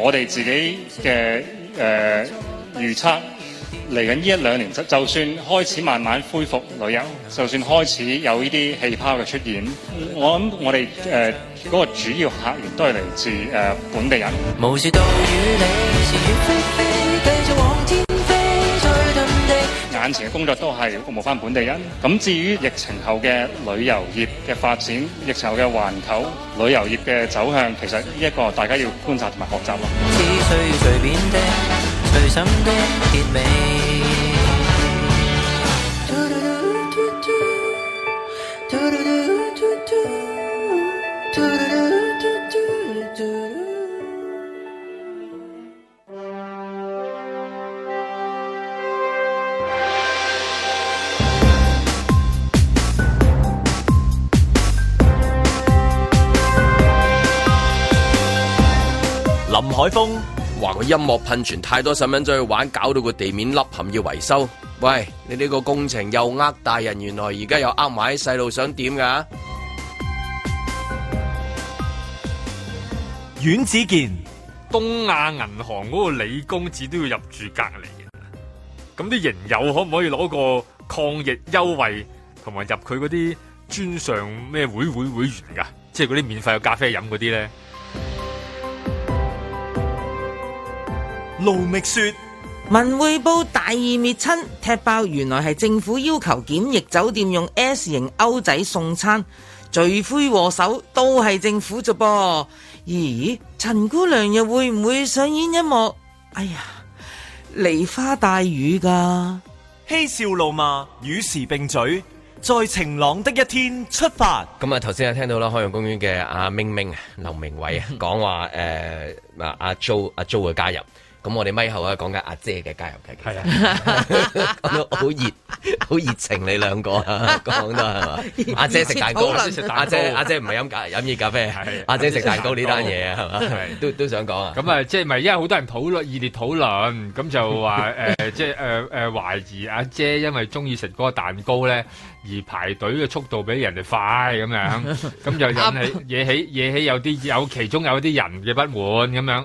我哋自己嘅誒預測嚟緊呢一兩年，就就算開始慢慢恢復旅遊，就算開始有呢啲氣泡嘅出現，我諗我哋誒嗰個主要客源都係嚟自誒、呃、本地人。目前嘅工作都係服務翻本地人，咁至於疫情後嘅旅遊業嘅發展，疫情後嘅環球旅遊業嘅走向，其實呢一個大家要觀察同埋學習咯。林海峰話個音樂噴泉太多細蚊仔去玩，搞到個地面凹陷要維修。喂，你呢個工程又呃大人，原來而家又呃埋啲細路，想點噶？阮子健，東亞銀行嗰個李公子都要入住隔離嘅。咁啲營友可唔可以攞個抗疫優惠，同埋入佢嗰啲專上咩會會會員噶？即係嗰啲免費有咖啡飲嗰啲咧？盧覓雪文匯報大義滅親，踢爆原來係政府要求檢疫酒店用 S 型歐仔送餐，罪魁禍首都係政府咋噃？咦，陳姑娘又會唔會上演一幕？哎呀，梨花帶雨噶，嬉笑怒罵，與時並嘴，在晴朗的一天出發。咁啊，頭先啊聽到啦，海洋公園嘅阿明明劉鳴煒講話誒，阿 Jo 阿 Jo 嘅加入。咁我哋咪後啊，講緊阿姐嘅加油計。係啊，講到好熱，好熱情，你兩個講到係嘛？阿姐食蛋糕，阿姐阿姐唔係飲咖飲熱咖啡，係阿姐食蛋糕呢單嘢，啊，係嘛？都都想講啊，咁啊，即係咪因為好多人討論熱烈討論，咁就話誒，即係誒誒懷疑阿姐因為中意食嗰個蛋糕咧，而排隊嘅速度比人哋快咁樣，咁就引起惹起惹起有啲有其中有啲人嘅不滿咁樣。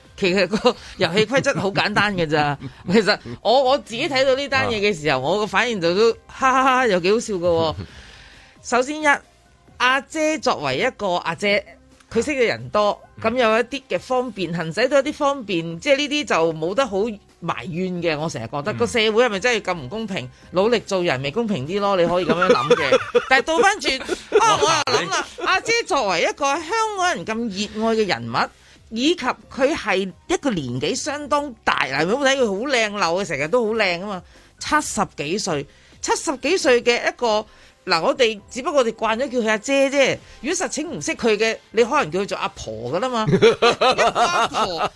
其實個遊戲規則好簡單嘅咋， 其實我我自己睇到呢單嘢嘅時候，我個反應就都哈，哈哈哈，又幾好笑嘅，哦。 首先一阿、啊、姐作為一個阿、啊、姐，佢識嘅人多，咁 有一啲嘅方便，行使到一啲方便，即係呢啲就冇、是、得好埋怨嘅。我成日覺得 個社會係咪真係咁唔公平？努力做人咪公平啲咯，你可以咁樣諗嘅。 但係倒翻轉，啊、哎，我又諗啦，阿、 啊、姐作為一個香港人咁熱愛嘅人物。以及佢係一個年紀相當大嗱，你冇睇佢好靚溜嘅，成日都好靚啊嘛！七十幾歲、七十幾歲嘅一個嗱，我哋只不過我哋慣咗叫佢阿姐啫。如果實情唔識佢嘅，你可能叫佢做阿婆噶啦嘛。阿婆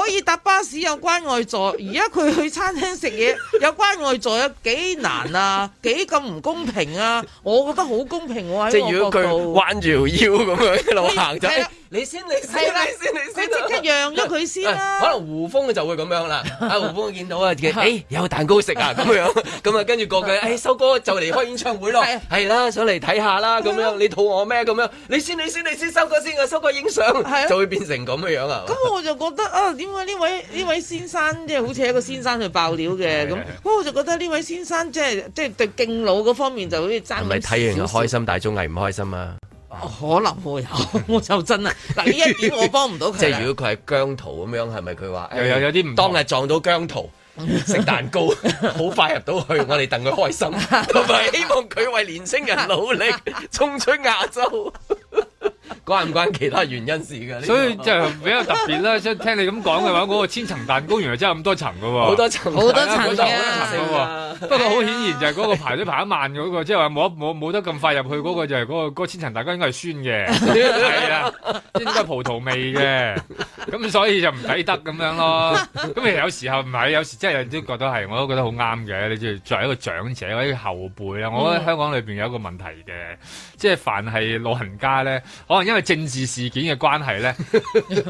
可以搭巴士有關愛座，而家佢去餐廳食嘢有關愛座，有幾難啊？幾咁唔公平啊？我覺得好公平喎！喺我角度，即係如果佢好彎住條腰咁樣一路行走。你先，你先，係你先即刻讓咗佢先啦。可能胡峰就會咁樣啦。啊，胡峰見到啊，嘅有蛋糕食啊，咁樣咁啊，跟住過嚟誒收歌就嚟開演唱會咯，係啦，上嚟睇下啦，咁樣你肚餓咩咁樣？你先，你先，你先收歌先啊，收歌影相就會變成咁嘅樣啊。咁我就覺得啊，點解呢位呢位先生即係好似一個先生去爆料嘅咁？我我就覺得呢位先生即係即係對敬老嗰方面就好似爭唔係睇完開心大綜藝唔開心啊。可能會有，我就真係！嗱，呢一點我幫唔到佢。即係如果佢係姜濤咁樣，係咪佢話又有有啲唔當日撞到姜濤食、嗯、蛋糕，好 快入到去，我哋等佢開心，同埋 希望佢為年青人努力，衝出亞洲。關唔關其他原因事噶？所以就比較特別啦。即係聽你咁講嘅話，嗰個千層蛋糕原來真係咁多層噶喎，好多層，好多層嘅，好多層嘅。不過好顯然就係嗰個排都排得慢嗰個，即係話冇得冇冇得咁快入去嗰個就係嗰個千層蛋糕應該係酸嘅，係啦，即係點解葡萄味嘅。咁所以就唔抵得咁樣咯。咁其實有時候唔係，有時真係有啲都覺得係，我都覺得好啱嘅。你知唔知作為一個長者或者後輩啊，我覺得香港裏邊有一個問題嘅，即係凡係老人家咧，可能一。因為政治事件嘅關係咧，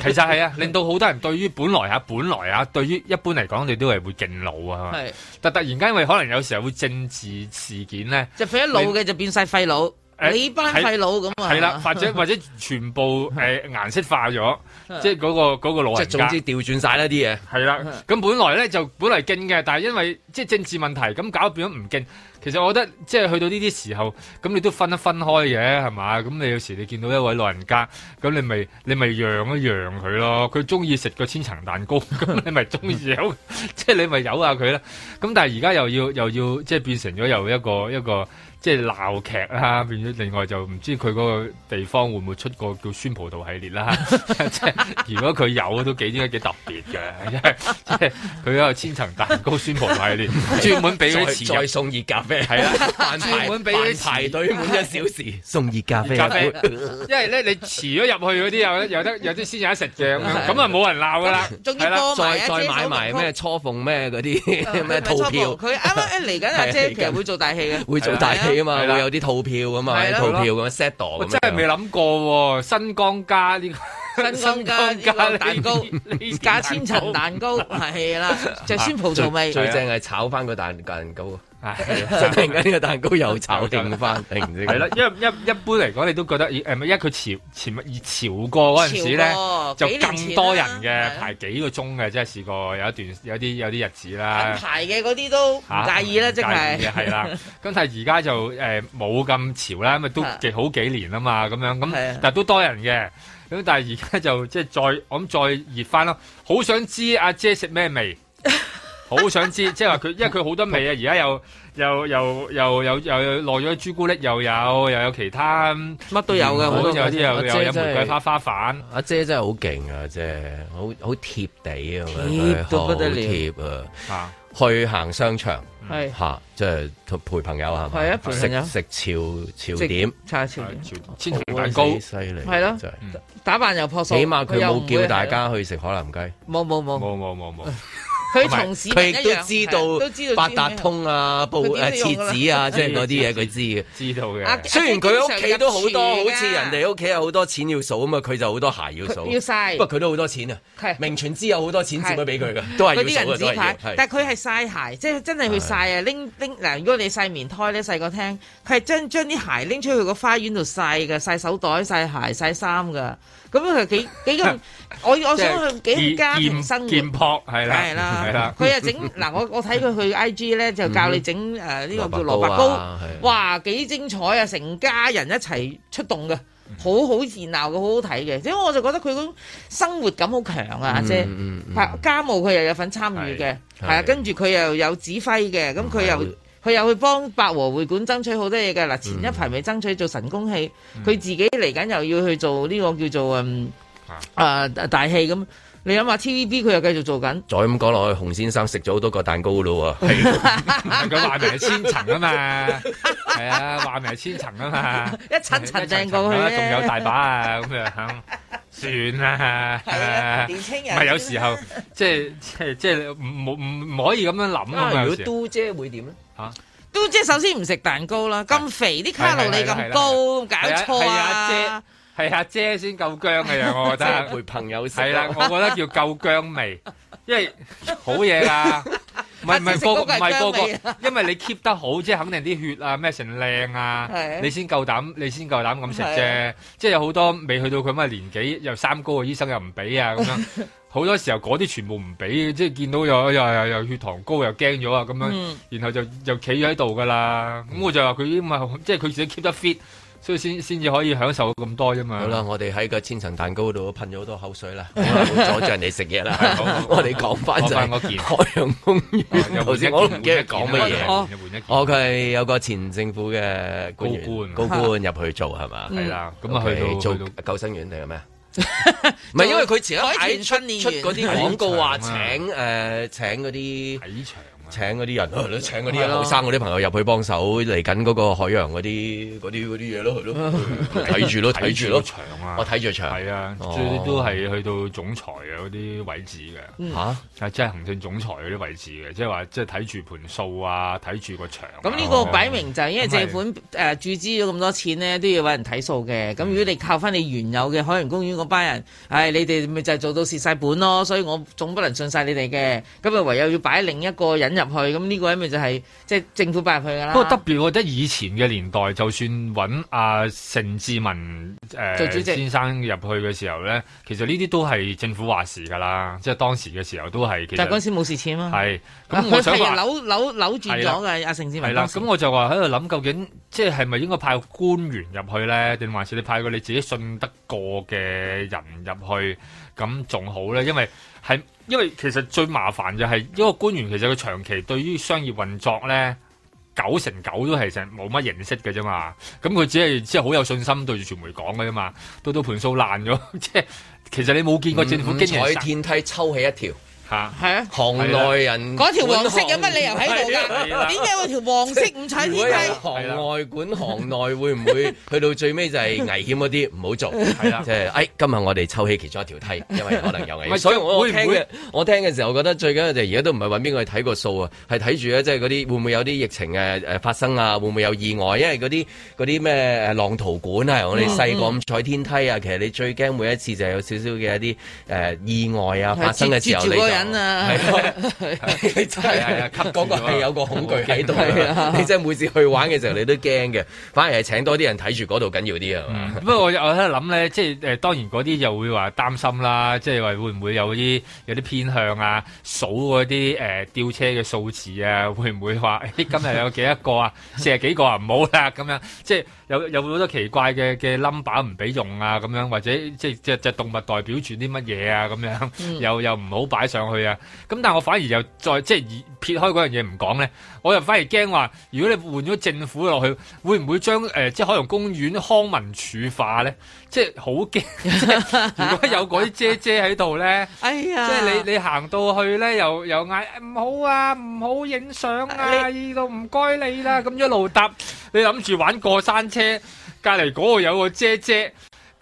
其實係啊，令到好多人對於本來啊，本來啊，對於一般嚟講，你都係會敬老啊。係是，但突然間，因為可能有時候會政治事件咧，就，的你就變咗老嘅就變晒廢老，欸、你班廢老咁啊。係啦，或者或者，或者全部誒顏色化咗，即係嗰個、嗰個老人家總之調轉晒啦啲嘢。係啦，咁本來咧就本來勁嘅，但係因為即係、就是、政治問題，咁搞到變咗唔勁。其實我覺得即係去到呢啲時候，咁你都分一分開嘅係咪？咁你有時你見到一位老人家，咁你咪你咪讓一讓佢咯。佢鍾意食個千層蛋糕，咁你咪鍾意有，即係你咪有下佢啦。咁但係而家又要又要即係變成咗又一個一個。即係鬧劇啦，變咗另外就唔知佢嗰個地方會唔會出個叫酸葡萄系列啦。即係如果佢有都幾點解幾特別嘅，即係佢嗰千層蛋糕酸葡萄系列，專門俾佢遲入，再送熱咖啡。係啦，專門俾排隊滿一小時送熱咖啡。咖啡，因為咧你遲咗入去嗰啲有得有啲先有得食嘅咁樣，咁啊冇人鬧㗎啦。仲要多埋一啲，買埋咩初逢咩嗰啲咩套票。佢啱啱嚟緊阿姐其實會做大戲嘅，會做大戲。啊嘛，會有啲套票咁嘛，的套票咁 set 度。我真係未諗過、啊，新光加呢、這個，新光加蛋糕加千層蛋糕，係啦， 就是、酸葡萄味。啊、最，最正係炒翻個蛋蛋糕係，證明呢個蛋糕又炒定翻，係啦，因為一一般嚟講，你都覺得誒，唔一佢潮潮熱潮過嗰陣時咧，啊、就咁多人嘅是、啊、排幾個鐘嘅，即係試過有一段有啲有啲日子啦。排嘅嗰啲都唔介意啦，即係啦。咁、就是、 但係而家就冇咁、呃、潮啦，咁啊都幾好幾年啦嘛，咁樣咁，但係都多人嘅。咁但係而家就即係再我諗再熱翻咯。好想知阿姐食咩味？好想知，即係話佢，因為佢好多味啊！而家又又又又有又落咗朱古力，又有又有其他乜都有嘅，好多嘢，又有有玫瑰花花瓣。阿姐真係好勁啊！即係好好貼地啊，貼到不得了，去行商場吓，即係陪朋友係嘛，食食潮潮點，叉潮千層蛋糕，犀利係咯，真係打扮又樸素，起碼佢冇叫大家去食海南雞，冇冇冇冇冇冇冇。佢同市民一樣，佢亦都知道八達通啊、報誒廁紙啊，即係嗰啲嘢佢知嘅。知道嘅。雖然佢屋企都好多，好似人哋屋企有好多錢要數啊嘛，佢就好多鞋要數。要曬，不過佢都好多錢啊。係。名存之有好多錢佔咗俾佢嘅，都係要數嘅，都係係。但係佢係曬鞋，即係真係去晒啊！拎拎嗱，如果你曬棉胎咧，細個聽，佢係將將啲鞋拎出去個花園度曬嘅，曬手袋、曬鞋、曬衫嘅。咁佢幾幾咁，我我想佢幾家庭生活，係啦，係啦，佢又整嗱，我我睇佢去 I G 咧，就教你整誒呢個叫蘿蔔糕，哇，幾精彩啊！成家人一齊出動嘅，好好熱鬧嘅，好好睇嘅，因為我就覺得佢嗰種生活感好強啊，阿姐，家務佢又有份參與嘅，係啊，跟住佢又有指揮嘅，咁佢又。佢又去幫百和會館爭取好多嘢㗎嗱，前一排咪爭取做神功戲，佢自己嚟緊又要去做呢個叫做嗯啊、呃、大戲咁。你諗下 TVB 佢又繼續做緊，再咁講落去，洪先生食咗好多個蛋糕噶咯，係佢話明係千層啊嘛，係啊，話明係千層啊嘛，一層層正過去仲有大把啊咁樣，算啦，係啊，年輕人，唔係有時候即係即係即係唔冇唔唔可以咁樣諗啊！樣。如果嘟姐會點咧？吓，嘟姐首先唔食蛋糕啦，咁肥啲卡路里咁高，搞錯啊。姐！係阿姐先夠薑嘅樣，我覺得陪朋友食係啦。我覺得叫夠薑味，因為好嘢啦。唔係唔係個唔係個個，因為你 keep 得好，即係肯定啲血啊咩成靚啊，你先夠膽，你先夠膽咁食啫。即係有好多未去到佢咁嘅年紀，又三高，醫生又唔俾啊，咁樣。好多時候嗰啲全部唔俾，即係見到又又又血糖高，又驚咗啊咁樣，然後就就企咗喺度噶啦。咁我就話佢已經唔係，即係佢自己 keep 得 fit。所以先先至可以享受咁多啫嘛。好啦，我哋喺個千層蛋糕度噴咗好多口水啦，唔好阻住人哋食嘢啦。我哋講翻就係，海洋公園。我唔記得講乜嘢。我佢係有個前政府嘅高官高官入去做係嘛？係啦，咁啊去到做救生員定係咩啊？唔係因為佢前一排出嗰啲廣告話請誒請嗰啲。睇場。請嗰啲人咯，都請嗰啲後生嗰啲朋友入去幫手嚟緊嗰個海洋嗰啲嗰啲嗰啲嘢咯，睇住咯，睇住咯，場啊！我睇住場，係啊，哦、都係去到總裁嘅啲位置嘅嚇，係即係行政總裁嗰啲位置嘅，即係話即係睇住盤數啊，睇住、啊嗯嗯、個場。咁呢個擺明就係因為借款誒、嗯呃、注資咗咁多錢咧，都要揾人睇數嘅。咁、嗯、如果你靠翻你原有嘅海洋公園嗰班人，誒、哎、你哋咪就係做到蝕曬本咯，所以我總不能信曬你哋嘅，咁啊唯有要擺另一個引人，入去，咁呢個因咪就係即係政府擺入去噶啦。不過特別我覺得以前嘅年代，就算揾阿盛智文，誒、呃、先生入去嘅時候咧，其實呢啲都係政府話事噶啦。即、就、係、是、當時嘅時候都係其實嗰陣時冇事錢啊。係咁，我想話扭扭扭轉咗嘅阿盛智文。係啦、啊，咁我就話喺度諗，究竟即係係咪應該派官員入去咧，定還是你派個你自己信得過嘅人入去咁仲好咧？因為喺因為其實最麻煩就係一個官員，其實佢長期對於商業運作咧，九成九都係成冇乜認識嘅啫嘛。咁佢只係只係好有信心對住傳媒講嘅啫嘛。到到盤數爛咗，即 係其實你冇見過政府竟然、嗯嗯、在天梯抽起一條。係啊，行內人嗰條黃色有乜理由喺度噶？點解嗰條黃色唔踩天梯？就係、行外管行內會唔會去到最尾就係危險嗰啲唔好做？係即係今日我哋抽起其中一條梯，因為可能有危險。 是所以我我聽嘅我聽嘅時候，我覺得最緊要就係而家都唔係揾邊個去睇個數啊，係睇住咧，即係嗰啲會唔會有啲疫情誒發生啊？會唔會有意外？因為嗰啲啲咩浪淘館啊，我哋細個咁踩天梯啊，其實你最驚每一次就係有少少嘅一啲、呃、意外啊發生嘅時候你 啊！你係係啊，吸嗰個氣有個恐懼喺度啊！你真係每次去玩嘅時候，你都驚嘅。 反而係請多啲人睇住嗰度緊要啲啊、嗯吧嗯！不過我我喺度諗咧，即係誒，當然嗰啲又會話擔心啦，即係話會唔會有啲有啲偏向啊？數嗰啲誒吊車嘅數字啊，會唔會話、欸、今日有幾多個啊？四十 幾個啊？唔好啦，咁樣即係。有有好多奇怪嘅嘅 number 唔俾用啊，咁樣或者即係即係只隻動物代表住啲乜嘢啊，咁樣又又唔好擺上去啊。咁但係我反而又再即係撇開嗰樣嘢唔講咧，我又反而驚話，如果你換咗政府落去，會唔會將、呃、即係海洋公園康文署化咧？即係好驚，如果有嗰啲姐姐喺度咧，哎呀！即係你你行到去咧，又又嗌唔好啊，唔好影相啊，呢度唔該你啦，咁一路搭，你諗住玩過山車，隔離嗰度有個姐姐。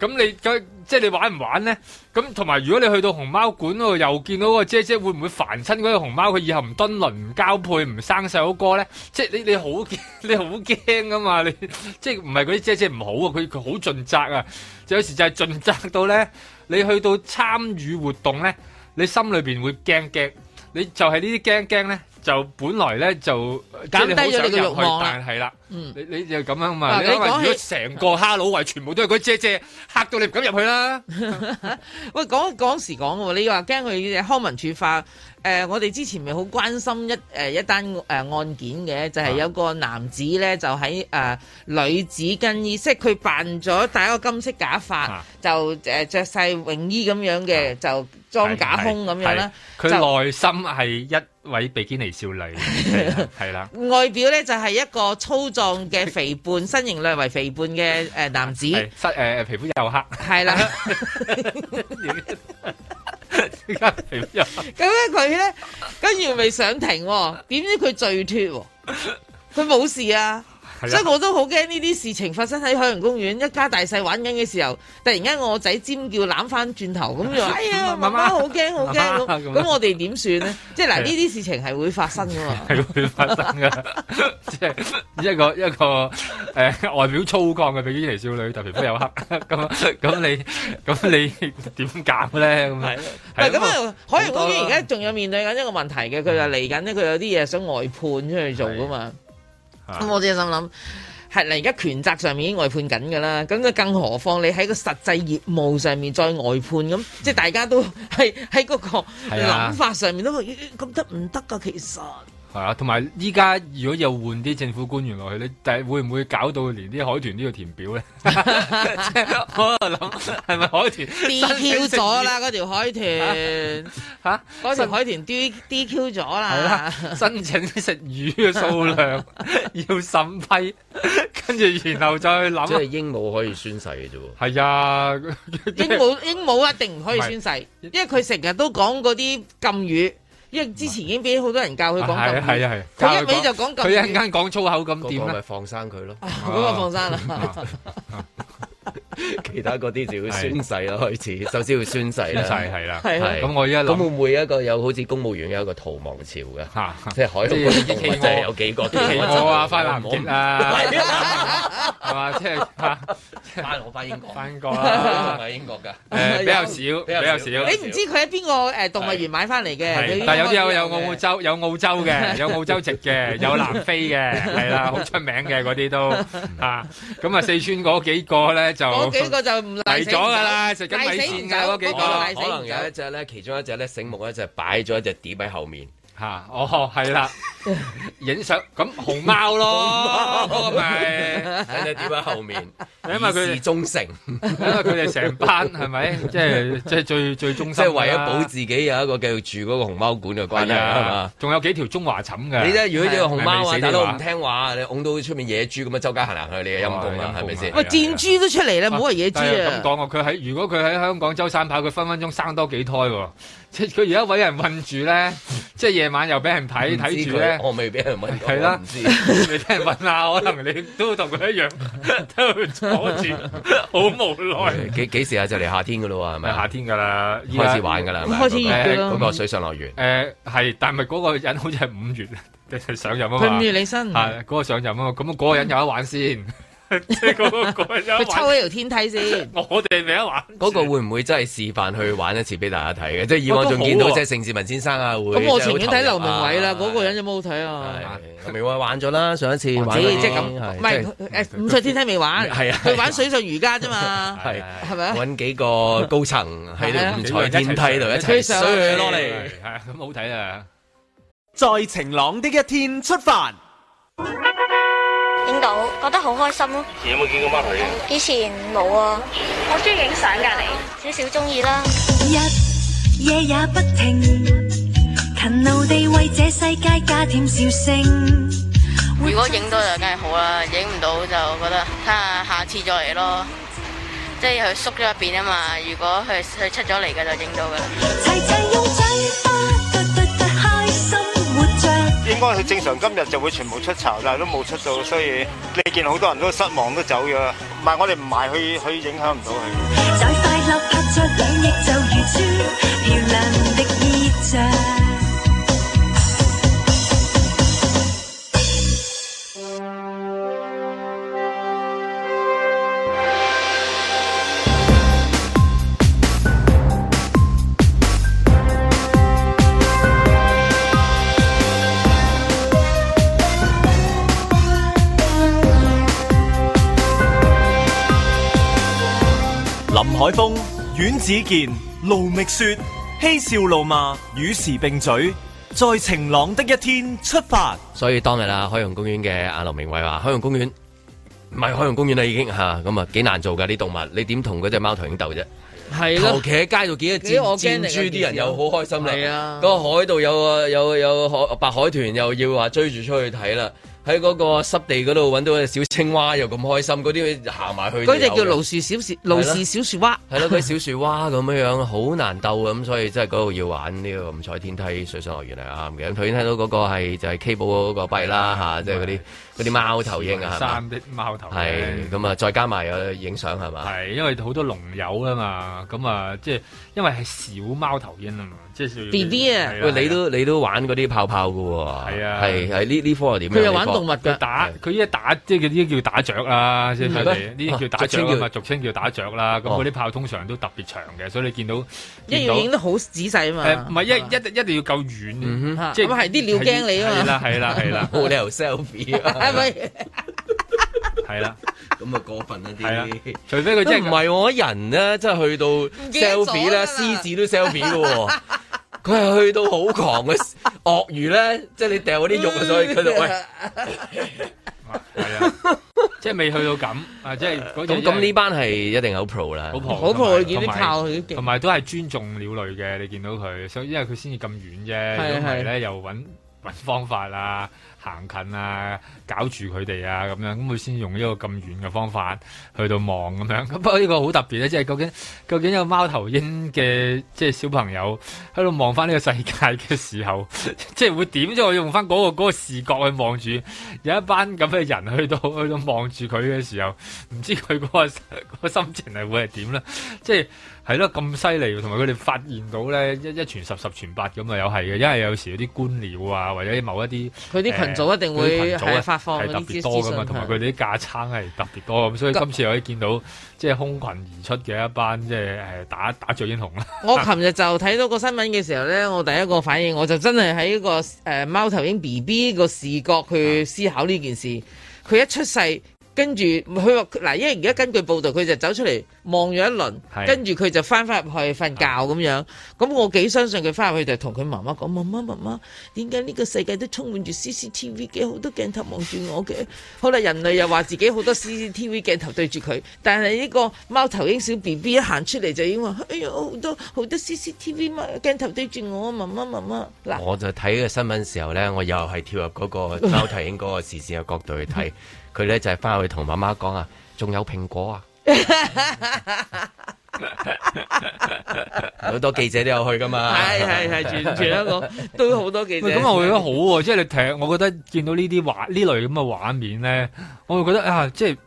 咁你即係、就是、你玩唔玩咧？咁同埋如果你去到熊貓館度，又見到個姐姐，會唔會煩親嗰個熊貓？佢以後唔敦輪、唔交配、唔生細佬哥咧？即、就、係、是、你你好你好驚㗎嘛！你即係唔係嗰啲姐姐唔好啊？佢佢好盡責啊！有時就係盡責到咧，你去到參與活動咧，你心裏邊會驚驚，你就係呢啲驚驚咧。就本來咧就減低咗個慾望，但係啦，你你就咁樣嘛、啊。你話如果成個哈佬圍全部都係嗰姐姐，嚇到你唔敢入去啦。 喂，講講時講喎，你話驚佢康文處化。誒、呃，我哋之前咪好關心一誒、呃、一單誒、呃、案件嘅，就係、是、有個男子咧，就喺誒、呃、女子更衣，即係佢扮咗戴個金色假髮，啊、就誒著晒泳衣咁樣嘅，啊、就裝假胸咁樣啦。佢就內心係一位比堅尼少女，係啦。外表咧就係、是、一個粗壯嘅肥胖身形，略為肥胖嘅誒男子，身誒、呃、皮膚又黑，係 啦。 咁咧，佢咧 跟住未上庭，點知佢醉脱、哦，佢冇事啊！所以我都好驚呢啲事情發生喺海洋公園一家大細玩緊嘅時候，突然間我仔尖叫攬翻轉頭咁就，係、哎、啊，媽媽好驚好驚咁，咁我哋點算咧？即係嗱，呢啲事情係會發生噶嘛？係會發生噶，即係 一個一個誒、呃、外表粗獷嘅比基尼少女，特別皮有黑，咁咁 你咁你點搞咧？咁係咁海洋公園而家仲有面對緊一個問題嘅，佢就嚟緊呢，佢有啲嘢想外判出去做噶嘛。咁我即係心諗，係嗱，而家權責上面已經外判緊噶啦，咁嘅更何況你喺個實際業務上面再外判，咁、嗯、即係大家都係喺嗰個諗法上面都覺得唔得噶？是啊、其實。係啊，同埋依家，如果又換啲政府官員落去你，但會唔會搞到連啲海豚都要填表咧？ 我喺度諗係咪海豚 DQ 咗啦？嗰條海豚吓，嗰條、啊啊、海豚 D、DQ 咗啦，申請食魚嘅數量要審批，跟住然後再去、啊、 就去諗。即係鸚鵡可以宣誓嘅啫。係啊，鸚鵡鸚鵡一定唔可以宣誓，是因為佢成日都講嗰啲禁語。因為之前已經俾好多人教佢講噉，佢、啊啊啊啊啊、一味就講噉，佢一間講粗口，咁點咪放生佢咯，嗰個放生啦。啊啊 其他嗰啲就要宣誓啦，開始首先要宣誓啦，係啦，咁我一路咁會唔會一個有好似公務員有一個逃亡潮嘅嚇，即係海陸空即係有幾個，企我啊，翻南極啊，係嘛，即係翻我翻英國，英國啦，英國嘅，誒比較少，比較少，你唔知佢喺邊個誒動物園買翻嚟嘅，但有啲有有澳洲有澳洲嘅，有澳洲籍嘅，有南非嘅，係啦，好出名嘅嗰啲都嚇，咁啊四川嗰幾個咧就。幾個就唔嚟咗㗎啦，計死唔就嗰幾個，幾個 可能有一隻咧，其中一隻咧醒目一隻，咧就擺咗一隻碟喺後面。吓哦，係啦，影相咁熊貓咯，咪睇隻碟喺後面，因為佢哋忠誠，因為佢哋成班係咪，即係即係最最忠心，即係為咗保自己有一個繼續住嗰個熊貓館嘅關係。仲有幾條中華鱘嘅，你如果你個熊貓啊，大佬唔聽話，你拱到出面野豬咁，周街行行去你又陰公啦，係咪先？喂，箭豬都出嚟咧，唔好話野豬啊。咁講，佢喺如果佢喺香港周山跑，佢分分鐘生多幾胎喎。即佢而家揾人問住咧，即係夜晚又俾人睇睇住咧，我未俾人問，係啦，唔知你聽人問下，可能你都同佢一樣，都坐住，好無奈。幾幾時啊？就嚟夏天噶啦喎，係咪？夏天噶啦，開始玩噶啦，開始嗰個水上樂園。誒係，但係咪嗰個人好似係五月上任啊嘛？月身，嗰個上任啊嘛，咁嗰個人有得玩先。即係嗰個，佢抽一條天梯先。我哋未一玩。嗰個會唔會真係示範去玩一次俾大家睇嘅？即係以往仲見到即係盛志文先生啊會。咁我前面睇劉明偉啦，嗰個人又冇好睇啊。明偉玩咗啦，上一次。玩。即係咁，唔係五彩天梯未玩？係啊，去玩水上瑜伽啫嘛。係係咪啊？搵幾個高層喺啲五彩天梯度一齊上去落嚟，係啊，咁好睇啊！在晴朗的一天出發。影到，覺得好開心咯。以前有冇見過馬頭鷹？以前冇啊，我中意影相隔籬，少少中意啦。日夜也不停，勤勞地為這世界加添笑聲。如果影到就梗係好啦，影唔到就我覺得，睇下下次再嚟咯。即係佢縮咗一邊啊嘛，如果佢佢出咗嚟嘅，就影到噶啦。齊齊用應該係正常，今日就會全部出巢，但係都冇出到，所以你見好多人都失望都走咗。唔係我哋，唔係佢影響唔到佢。 風阮子健盧覓雪嬉笑怒罵與時並嘴，在晴朗的一天出發。所以當日啦海洋公園嘅阿劉鳴煒話：海洋公園唔係海洋公園啦，園已經吓咁啊，幾難做噶啲動物，你點同嗰隻貓頭鷹鬥啫？係啦、啊，企喺街度見我見豬，豬，啲人又好開心。係啊，個海度有啊，有有海白海豚又要話追住出去睇啦。喺嗰個濕地嗰度揾到隻小青蛙又咁開心，嗰啲行埋去。嗰隻叫盧氏小樹盧氏小樹蛙，係咯佢啲小樹蛙咁樣樣，好難鬥，咁所以真係嗰度要玩呢個五彩天梯水上樂園嚟啱嘅。頭先睇到嗰個係就係 K 寶嗰個幣啦吓，即係嗰啲嗰啲貓頭鷹啊，係山的貓頭鷹係咁啊，再加埋有影相係嘛？係、啊、因為好多龍友啦嘛，咁啊即係因為係小貓頭鷹啊嘛。B B 啊，喂，你都你都玩嗰啲泡泡嘅喎，係啊，係係呢呢科係點？佢又玩動物嘅打，佢而家打即係佢啲叫打雀啊，即係呢啲叫打雀啊嘛，俗稱叫打雀啦。咁嗰啲炮通常都特別長嘅，所以你見到一定要影得好仔細啊嘛。誒，唔係一一一定要夠遠，即係咁係啲鳥驚你咯。係啦係啦係啦，冇理由 selfie 啊，喂。係啦，咁啊 過分一啲。 除非佢真係唔係我人咧，即係去到 selfie 啦，獅子都 selfie 噶。佢係去到好狂嘅鱷魚咧，即係你掉嗰啲肉，所以佢就餵。係 啊，即係未去到咁啊， 即係，就是。咁咁呢班係一定好 pro 啦，好 pro 婆。好 pro，見啲炮，同埋都係尊重鳥類嘅。你見到佢，所以因為佢先至咁遠啫，是是都係咧，又搵方法啦行近啊，搞住佢哋啊，咁樣，咁佢先用呢個咁遠嘅方法去到望咁樣。咁不過呢個好特別咧，即係究竟究竟有貓頭鷹嘅即係小朋友喺度望翻呢個世界嘅時候， 即係會點？即係我用翻、嗰、嗰個嗰、嗰個視覺去望住有一班咁嘅人去到去到望住佢嘅時候，唔知佢嗰、嗰個嗰個心情係會係點咧？即係係咯，咁犀利，同埋佢哋發現到咧一一傳十十傳百咁啊，又係嘅。因為有時嗰啲官僚啊，或者某一啲佢啲呃、群組一定會是是發放特別多㗎嘛。同埋佢哋啲架撐係特別多咁，是所以今次可以見到即係空群而出嘅一班即係誒打打雀英雄啦。我琴日就睇到個新聞嘅時候咧，我第一個反應我就真係喺個誒貓、呃、頭鷹 B B 個視覺去思考呢件事，佢是一出世。跟住佢話嗱，因為而家根據報道，佢就走出嚟望咗一輪，是跟住佢就翻翻入去瞓覺咁是樣。咁我幾相信佢翻入去就同佢媽媽講：媽媽媽媽，點解呢個世界都充滿住 CCTV 嘅好多鏡頭望住我嘅？ 好啦，人類又話自己好多 CCTV 鏡頭對住佢，但係呢個貓頭鷹小 B B 一行出嚟就已經話：哎呀，好多好多 CCTV 鏡頭對住我啊！媽媽媽媽，嗱，我就睇個新聞時候咧，我又係跳入嗰個貓頭鷹嗰個視線嘅角度去睇。 佢咧就係、是、返去同媽媽講啊，仲有蘋果啊，好 多記者都有去噶嘛， 係係係全全香港，都好多記者，咁 我覺得好喎、啊，即係 你睇，我覺得見到畫這這畫呢啲畫呢類咁嘅畫面咧，我會覺得啊，即、哎、係。就是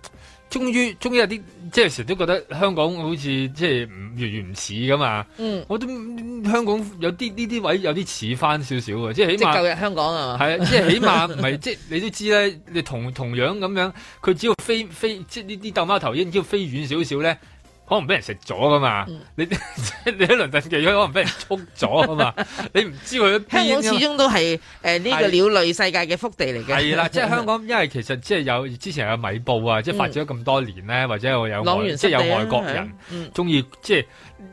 終於，終於有啲即係成日都覺得香港好似即係越越唔似噶嘛。嗯，我都香港有啲呢啲位有啲似翻少少嘅，即係起碼即係舊日香港啊。係啊，即係起碼唔係 即係你都知咧，你同同樣咁樣，樣，佢只要飛飛即係呢啲鬥貓頭鷹，只要飛遠少少咧。可能俾人食咗噶嘛，嗯、 你你喺倫敦期間，可能俾人捉咗啊嘛， 你唔知佢。香港始終都係呢、呃、是個鳥類世界嘅福地嚟嘅。係啦的， 即係香港，因為其實即係有之前有米埔啊，嗯、即係發展咗咁多年咧，或者我有外、啊、即係有外國人中意、嗯、即係。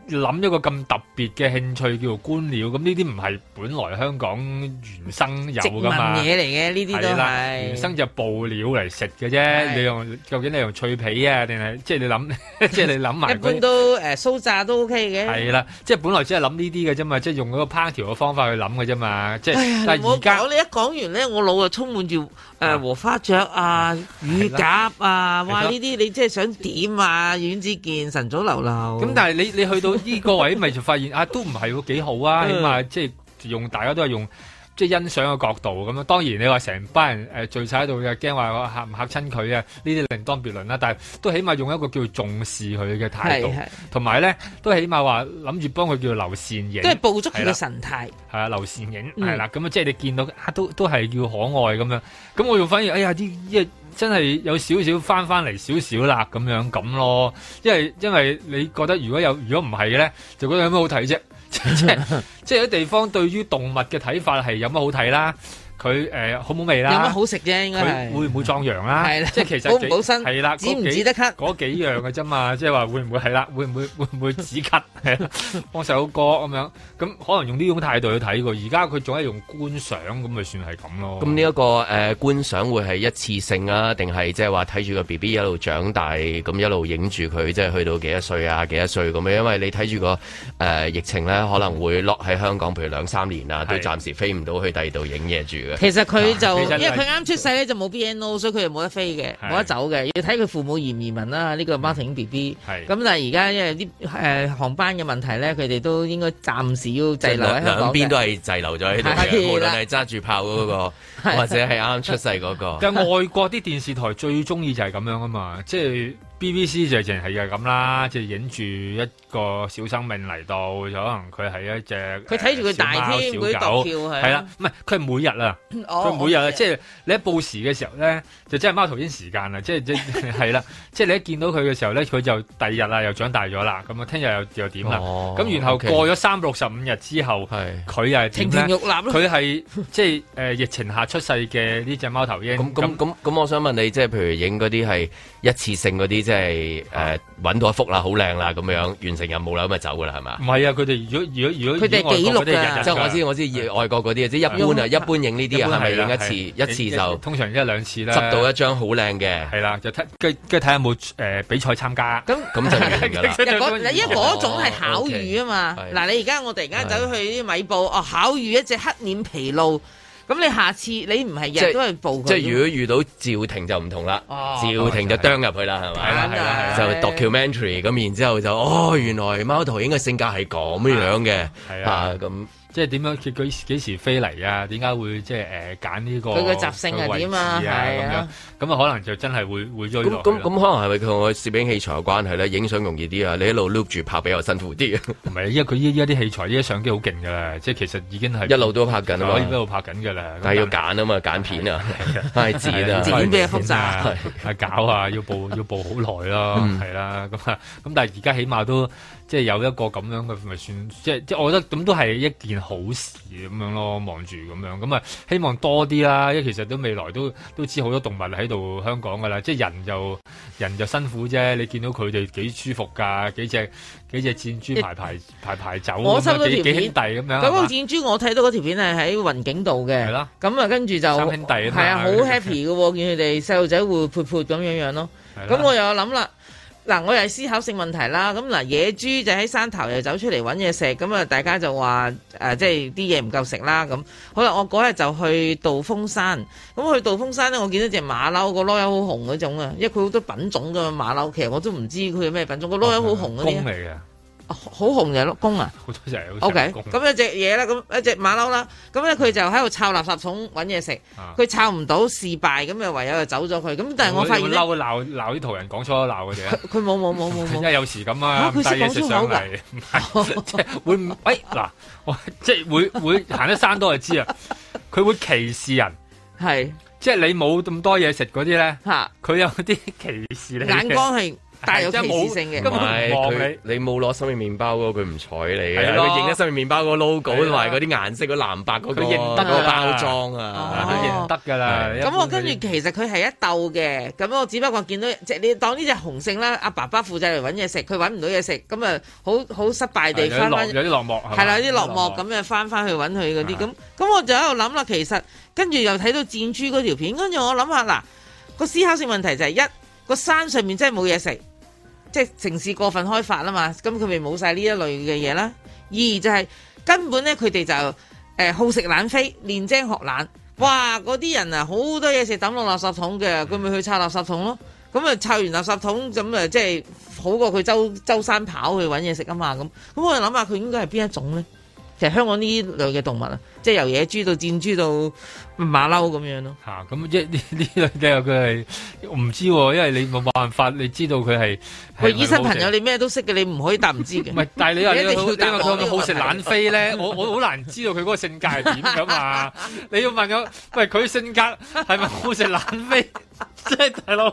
諗一個咁特別嘅興趣叫做觀鳥，咁呢啲唔係本來香港原生有噶嘛？殖民嘢嚟嘅呢啲都係。原生就捕鳥嚟食嘅啫，的你用究竟你用脆皮啊，定係即係你諗，即係你諗埋。 一般都誒、呃、酥炸都 OK 嘅。係啦，即係本來只係諗呢啲嘅啫嘛，即係用嗰個烹調嘅方法去諗嘅啫嘛，即係。哎、呦但係而家我你一講完咧，我腦就充滿住誒禾花雀啊、乳鴿啊，哇呢啲你即係想點啊？阮子健、晨早流流。咁但係你你去。 到呢個位咪就發現啊，都唔係喎，幾好啊，的起碼即係用大家都係用即係、就是、欣賞嘅角度咁咯。當然你話成班人聚曬喺度又驚話嚇唔吓親佢啊，呢啲另當別論啦。但係都起碼用一個叫做重視佢嘅態度，同埋咧都起碼話諗住幫佢叫做留倩影，即係捕捉佢嘅神態。係、嗯、啊，留倩影係啦，咁即係你見到啊都都係要可愛咁樣。咁我又反而哎呀啲一。真係有少少翻翻嚟少少啦，咁樣咁咯，因為因為你覺得如果有如果唔係嘅咧，就覺得有乜好睇啫， 即係有啲地方對於動物嘅睇法係有乜好睇啦。佢誒、呃、好冇味啦、啊，有乜好食啫？應該佢會唔會壯陽啊？係的啦，即係其實保唔保身係啦，止唔止得咳嗰幾，幾樣嘅啫嘛？ 即係話會唔會係啦？會唔會 會唔會止咳？啦，放首歌咁樣，咁可能用呢種態度去睇過。而家佢仲係用觀賞咁，咪算係咁咯？咁呢一個誒、呃、觀賞會係一次性啊，定係即係話睇住個 B B 一路長大，咁一路影住佢，即係去到幾多歲啊？幾多歲咁、啊、樣？因為你睇住、那個誒、呃、疫情咧，可能會落喺香港，譬如兩三年啊，的都暫時飛唔到去第二度影嘢住。其實佢就、啊、其實佢係因為佢啱出世咧就冇 BNO，所以佢又冇得飛嘅，冇是得走嘅。要睇佢父母移唔移民啦？呢、呢個 Martin B B 是。咁但係而家因為啲誒、呃、航班嘅問題咧，佢哋都應該暫時要滯留喺香港嘅。兩,兩邊都係滯留咗喺度嘅，是的無論係揸住炮嗰、嗰個，是的或者係啱啱出世嗰、嗰個。的但係外國啲電視台最中意就係咁樣啊嘛，即、就、係、是。B B C 就成日係又咁啦，即係影住一個小生命嚟到，可能佢係一隻佢睇住佢大佢獨立跳係啦，唔係佢係每日啊，佢每日即係你喺報時嘅時候咧，就即係貓頭鷹時間啊，即係即係啦，即係你一見到佢嘅時候咧，佢就第二日啦，又長大咗啦，咁啊，聽日又又點啦？咁然後過咗三六十五日之後，佢又係亭亭玉立，佢係即係誒疫情下出世嘅呢隻貓頭鷹。咁咁咁我想問你，即係譬如影嗰啲係。一次性嗰啲即係誒揾到一幅啦，好靚啦咁樣完成任務啦，咁就走㗎啦，係嘛？唔係啊，佢哋如果如果如果佢哋記錄㗎，即係我知我知，外國嗰啲即係一般啊，一般影呢啲係咪影一次一次就通常一兩次啦，執到一張好靚嘅係啦，就睇跟跟睇下有冇誒比賽參加咁咁就係啦，因為嗰種係巧遇啊嘛，嗱，你而家我突然間走去啲米埔哦巧遇一隻黑臉琵鷺。咁你下次你唔係日日都係報佢？即係如果遇到趙廷就唔同啦，趙廷就啄入去啦，係咪？係啦，係啦，就 documentary 咁，然之後就哦，原來貓頭鷹嘅性格係咁樣嘅，係啊，咁。即係點樣？佢幾時飛嚟啊？點解會即係誒揀呢個？佢嘅習性係點啊？咁啊，咁啊可能就真係會會咗。咁咁可能係咪同我攝影器材有關係咧？影相容易啲啊！你一路 loop 住拍比較辛苦啲。唔係，因為佢依家啲器材，依家相機好勁噶，即係其實已經係一路都拍緊，一路拍緊噶啦。但係要揀啊嘛，揀片啊，係自己剪咩複雜係，搞啊，要播要播好耐咯，係啦。咁啊，咁但係而家起碼都。即係有一個咁樣嘅，咪算即係即係，我覺得咁都係一件好事咁樣咯。望住咁樣，咁啊希望多啲啦。因為其實都未來都都知好多動物喺度香港噶啦。即係人就人就辛苦啫。你見到佢哋幾舒服㗎？幾隻幾隻箭豬排排、欸、排排走，我收到條片幾兄弟咁樣。咁箭豬我睇到嗰條片係喺雲景道嘅。係咯的。咁啊，跟住就係啊，好 happy 嘅喎，見佢哋細路仔活潑潑咁樣樣咯。咁的我又諗啦。嗱，我又係思考性問題啦，咁嗱野豬就喺山頭又走出嚟揾嘢食，咁啊大家就話誒、呃，即係啲嘢唔夠食啦咁。好啦，我嗰日就去道風山，咁去道風山呢，我見到隻馬騮個囉柚好紅嗰種啊，因為佢好多品種噶馬騮，其實我都唔知佢有咩品種，個囉柚好紅嗰啲。啊好紅嘅碌公啊！OK，好多隻嘢，咁一隻嘢啦，咁一隻馬騮啦，咁咧佢就喺度抄垃圾桶揾嘢食，佢抄唔到，事敗，咁又唯有就走咗佢。咁但係我發現，嬲鬧鬧啲途人講錯鬧佢哋。佢冇冇冇冇冇。因為有時咁啊，咁大食上嚟，會，喂，嗱，即係會會行得山多就知啊，佢會歧視人，係，即係你冇咁多嘢食嗰啲咧，嚇，佢有啲歧視你，眼光係。有歧視性嘅，唔係佢你冇攞生命麵包嗰個佢唔睬你嘅，佢認得生命麵包嗰個 logo 同埋嗰啲顏色嗰藍白嗰個，佢認得個包裝啊，佢認得㗎啦。咁我跟住其實佢係一鬥嘅，咁我只不過見到即係你當呢隻雄性啦，阿爸爸負責嚟揾嘢食，佢揾唔到嘢食，咁啊好好失敗地翻翻，有啲落寞係啦，有啲落寞咁樣翻翻去揾佢嗰啲咁，咁我就喺度諗啦，其實跟住又睇到箭豬嗰條片，跟住我諗下嗱，個思考性問題就係一個山上面真係冇嘢食。即係城市過分開發啦嘛，咁佢咪冇晒呢一類嘅嘢啦。二就係根本咧，佢哋就、呃、好食懶飛練精學懶。哇！嗰啲人啊，好多嘢食抌落垃圾桶嘅，佢咪去拆垃圾桶咯。咁啊拆完垃圾桶，咁、嗯、啊即係好過佢周周山跑去揾嘢食啊嘛咁。咁、嗯嗯、我諗下佢應該係邊一種咧？其實香港呢類嘅動物啊，即係由野豬到箭豬到。馬騮咁樣咯、啊，吓咁即呢呢個即係佢係唔知、啊，因為你冇辦法，你知道佢係。喂醫生朋友你，你咩都識嘅，你唔可以答唔知嘅。唔係， 但係你話呢個點講好食懶飛咧？我我好難知道佢嗰個性格係點噶嘛？ 你要問佢，喂佢性格係咪好食懶飛？即係大佬，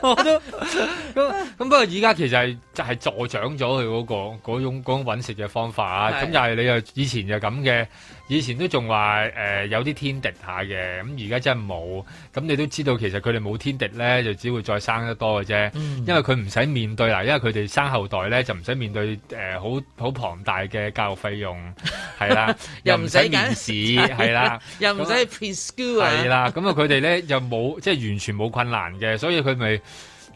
我都咁咁。不過而家其實係就係助長咗佢嗰個嗰種揾食嘅方法啊。咁又係你又以前就咁嘅。以前都仲話誒有啲天敵下嘅，咁而家真係冇。咁你都知道其實佢哋冇天敵咧，就只會再生得多嘅啫、嗯。因為佢唔使面對啦，因為佢哋生後代咧就唔使面對誒好好龐大嘅教育費用係 啦，又唔使面試係 啦，又唔使去 preschool 係、啊、 啦。咁啊佢哋咧又冇即係完全冇困難嘅，所以佢咪。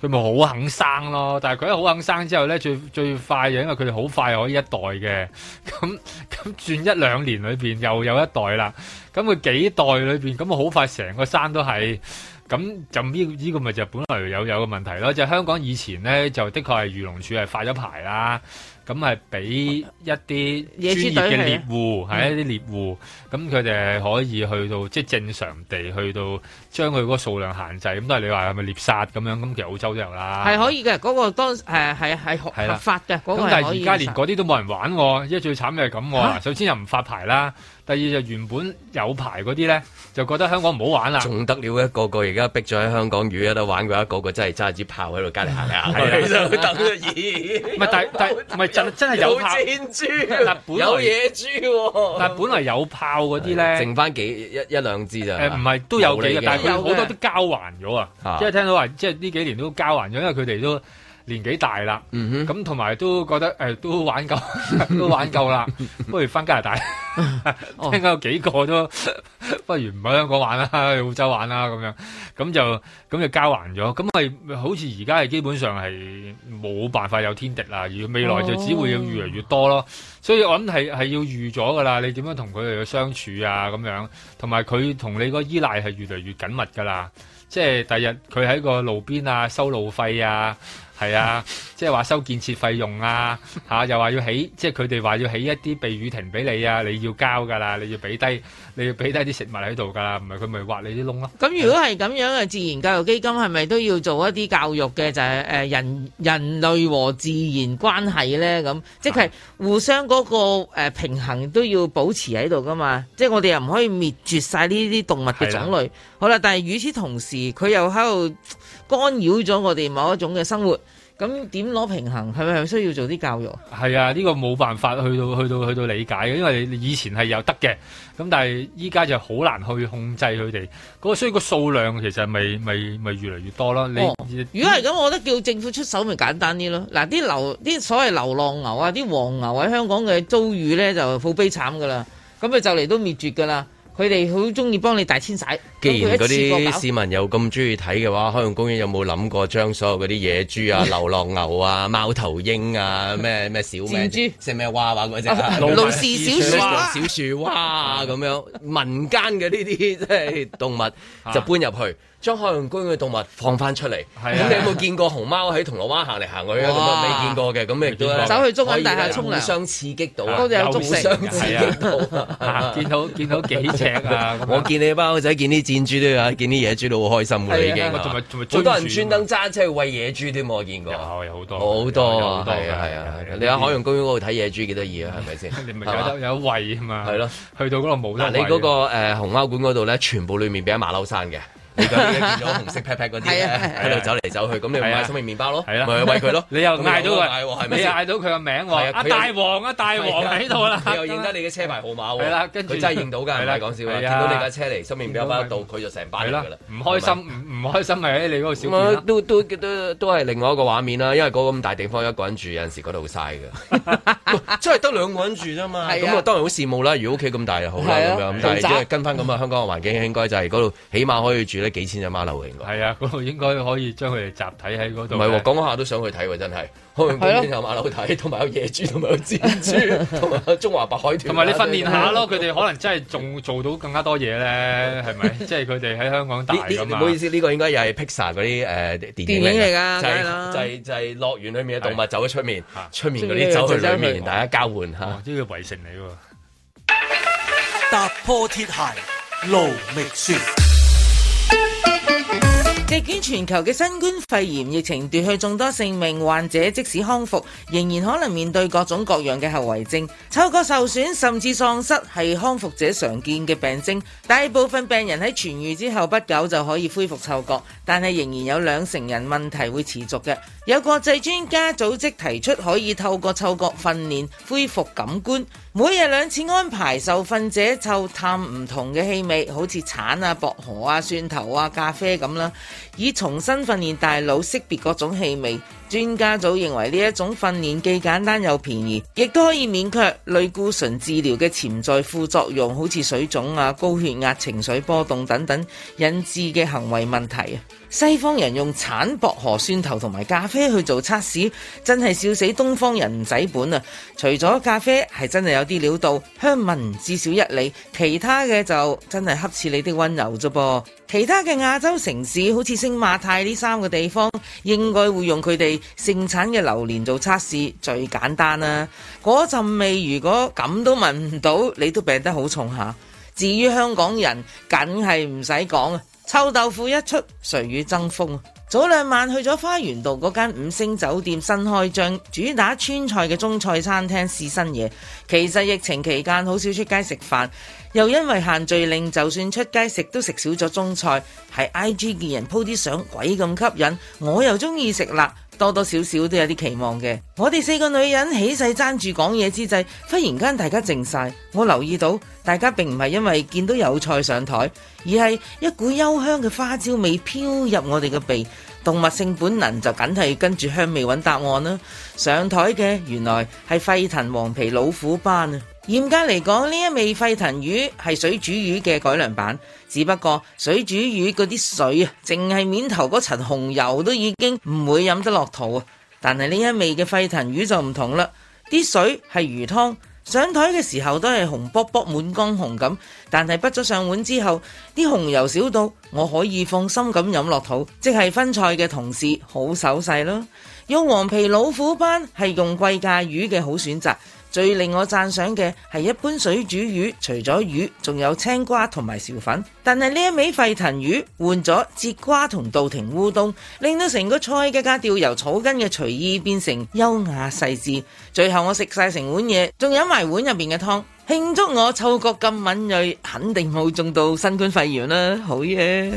佢咪好肯生咯，但係佢一好肯生之後咧，最最快嘅，因為佢哋好快可以一代嘅，咁咁轉一兩年裏邊又有一代啦，咁佢幾代裏邊，咁啊好快成個山都係，咁就呢、這、呢個咪、這個、就本來有有個問題咯，就係、香港以前咧就的確係漁農署係發咗牌啦。咁係俾一啲專業嘅獵戶，係一啲獵戶，咁佢哋可以去到，即係正常地去到將佢嗰個數量限制。咁都係你話係咪獵殺咁樣？咁其實澳洲都有啦，係可以嘅。嗰、嗰個當誒係合合法嘅。咁的但係而家連嗰啲都冇人玩喎。因為最慘嘅係咁喎。首先又唔發牌啦。啊第二就原本有牌嗰啲咧，就覺得香港唔好玩啦。仲得了一個個而家逼咗喺香港，如果有得玩嘅話，一個個真係揸支炮喺度隔離行嚟行去。喺度等嘅嘢。唔係，但但唔係真真係有炮。有野豬。但係本來有炮嗰啲咧，剩翻幾一一兩支就係。唔係都有幾嘅，但係佢好多都交還咗啊！即係聽到話，即係呢幾年都交還咗，因為佢哋都。年紀大啦，咁同埋都覺得誒、哎、都玩夠，都玩夠啦，不如返加拿大。 聽講有幾個都，不如唔喺香港玩啦，去澳洲玩啦咁樣，咁就咁就交還咗。咁咪好似而家係基本上係冇辦法有天敵啦，未來就只會要越嚟越多咯。Oh. 所以我諗係要預咗噶啦，你點樣同佢哋嘅相處啊？咁樣，同埋佢同你個依賴係越嚟越緊密噶啦。即係第日佢喺個路邊啊，收路費啊。係啊，即係話收建設費用啊，吓、 啊、又話要起，即係佢哋話要起一啲避雨亭俾你啊，你要交噶啦，你要俾低，你要俾低啲食物喺度噶啦，唔係佢咪挖你啲窿咯。咁、嗯啊、如果係咁樣嘅自然教育基金，係咪都要做一啲教育嘅就係、是、誒、呃、人人類和自然關係咧？咁即係互相嗰、那個誒、呃、平衡都要保持喺度噶嘛？即係我哋又唔可以滅絕晒呢啲動物嘅種類，啊、好啦，但係與此同時，佢又喺度。干擾咗我哋某一種嘅生活，咁點攞平衡？係咪係需要做啲教育？係啊，呢、呢個冇辦法去到去到去到理解嘅，因為你以前係有得嘅，咁但係依家就好難去控制佢哋。嗰個所以個數量其實咪咪咪越嚟越多囉。你、哦、你如果係咁，嗯、我覺得叫政府出手咪簡單啲咯。嗱，啲流啲所謂流浪牛啊，啲黃牛喺香港嘅遭遇咧就好悲慘噶啦，咁咪就嚟都滅絕噶啦。佢哋好中意幫你大遷徙。既然嗰啲市民有咁中意睇嘅話，海洋公園有冇諗過將所有嗰啲野豬啊、流浪牛啊、貓頭鷹啊、咩咩小咩？野豬，即係咩蛙啊嗰隻？盧氏小樹蛙啊，咁樣民間嘅呢啲即係動物就搬入去。將海洋公園嘅動物放翻出嚟，咁你有冇見過熊貓喺銅鑼灣行嚟行去啊？咁啊未見過嘅，咁亦都走去中港大廈沖涼，相刺激到，當日有竹食，係啊，見到見到幾隻啊！我見你阿仔見啲箭豬都啊，見啲野豬都好開心。好多人專登揸車去餵野豬添，我見過，好多好多係啊，你喺海洋公園嗰度睇野豬幾得意啊？係咪先？你咪有餵嘛？係咯，去到嗰度冇得。你嗰個誒熊貓館嗰度咧，全部裏面俾馬騮山嘅。你講啲見咗紅色 pat pat 嗰啲咧，喺度走嚟走去，咁你咪買生命麵包咯，咪餵佢咯。你又嗌到佢，你嗌到佢個名喎，大王啊，大王喺度啦。你又認得你嘅車牌號碼喎，跟住佢真係認到㗎，唔係講笑啊！見到你架車嚟，生命麵包一到，佢就成班㗎唔開心，唔唔開心咪你嗰個小編。都都都都係另外一個畫面啦，因為嗰咁大地方一個人住，有陣時嗰度好曬㗎。真係得兩個人住啫嘛，咁啊當然好羨慕啦。如果屋企咁大啊，好啦咁但係跟翻咁嘅香港嘅環境，應該就係嗰度起碼可以住。咧，幾千隻馬騮嘅應該係啊，嗰度應該可以將佢哋集體喺嗰度。唔係喎，講下都想去睇喎，真係。去公園有馬騮睇，同埋有野豬，同埋有蜘蛛，同埋中華白海豚。同埋你訓練下咯，佢哋可能真係仲做到更加多嘢咧，係咪？即係佢哋喺香港大咁。唔好意思，呢個應該又係 Pixar 嗰啲誒電影嚟噶，就係就係就係樂園裏面嘅動物走咗出面，出面嗰啲走去裏面，大家交換吓。哇，都要圍城嚟喎。踏破鐵鞋路未熟。席捲全球嘅新冠肺炎疫情奪去眾多性命，患者即使康復，仍然可能面對各種各樣嘅後遺症。嗅覺受損甚至喪失係康復者常見嘅病徵。大部分病人喺痊癒之後不久就可以恢復嗅覺，但係仍然有兩成人問題會持續嘅。有國際專家組織提出，可以透過嗅覺訓練恢復感官，每日兩次安排受訓者嗅探唔同嘅氣味，好似橙啊、薄荷啊、蒜頭啊、咖啡咁啦，以重新訓練大腦識別各種氣味。專家組認為呢一種訓練既簡單又便宜，亦都可以免卻類固醇治療嘅潛在副作用，好似水腫啊、高血壓、情緒波動等等引致嘅行為問題啊！西方人用橙、薄荷、蒜頭同埋咖啡去做測試，真係笑死東方人仔本啊！除咗咖啡係真係有啲料到香聞至少一里，其他嘅就真係恰似你的溫柔啫噃。其他嘅亞洲城市好似星馬泰呢三個地方，應該會用佢哋。盛產嘅榴蓮做測試最簡單啦，啊，嗰陣味如果咁都聞唔到，你都病得好重下。至於香港人，梗係唔使講啊，臭豆腐一出，誰與爭鋒？早兩晚去咗花園道嗰間五星酒店新開張，主打川菜嘅中菜餐廳試新嘢。其實疫情期間好少出街食飯，又因為限聚令，就算出街食都食少咗中菜。喺 I G 見人鋪啲相，鬼咁吸引，我又中意食辣。多多少少都有啲期望嘅，我哋四個女人起勢爭住講嘢之際，忽然間大家靜晒。我留意到大家並唔係因為見到有菜上台，而係一股幽香嘅花椒味飄入我哋嘅鼻，動物性本能就梗係跟住香味揾答案啦。上台嘅原來係沸騰黃皮老虎斑啊！嚴格嚟講，呢一味沸騰魚係水煮魚嘅改良版，只不過水煮魚嗰啲水啊，淨係面頭嗰層紅油都已經唔會飲得落肚啊。但係呢一味嘅沸騰魚就唔同啦，啲水係魚湯，上枱嘅時候都係紅卜卜滿江紅咁，但係畢咗上碗之後，啲紅油少到我可以放心咁飲落肚，即係分菜嘅同事好手勢咯。用黃皮老虎斑係用貴價魚嘅好選擇。最令我讚賞嘅係一般水煮魚，除咗魚，仲有青瓜同埋小粉。但係呢一味沸騰魚，換咗節瓜同稻庭烏冬，令到成個菜嘅格調由草根嘅隨意變成優雅細緻。最後我食晒成碗嘢，仲飲埋碗入邊嘅湯，慶祝我嗅覺咁敏銳，肯定冇中到新冠肺炎啦，好嘢。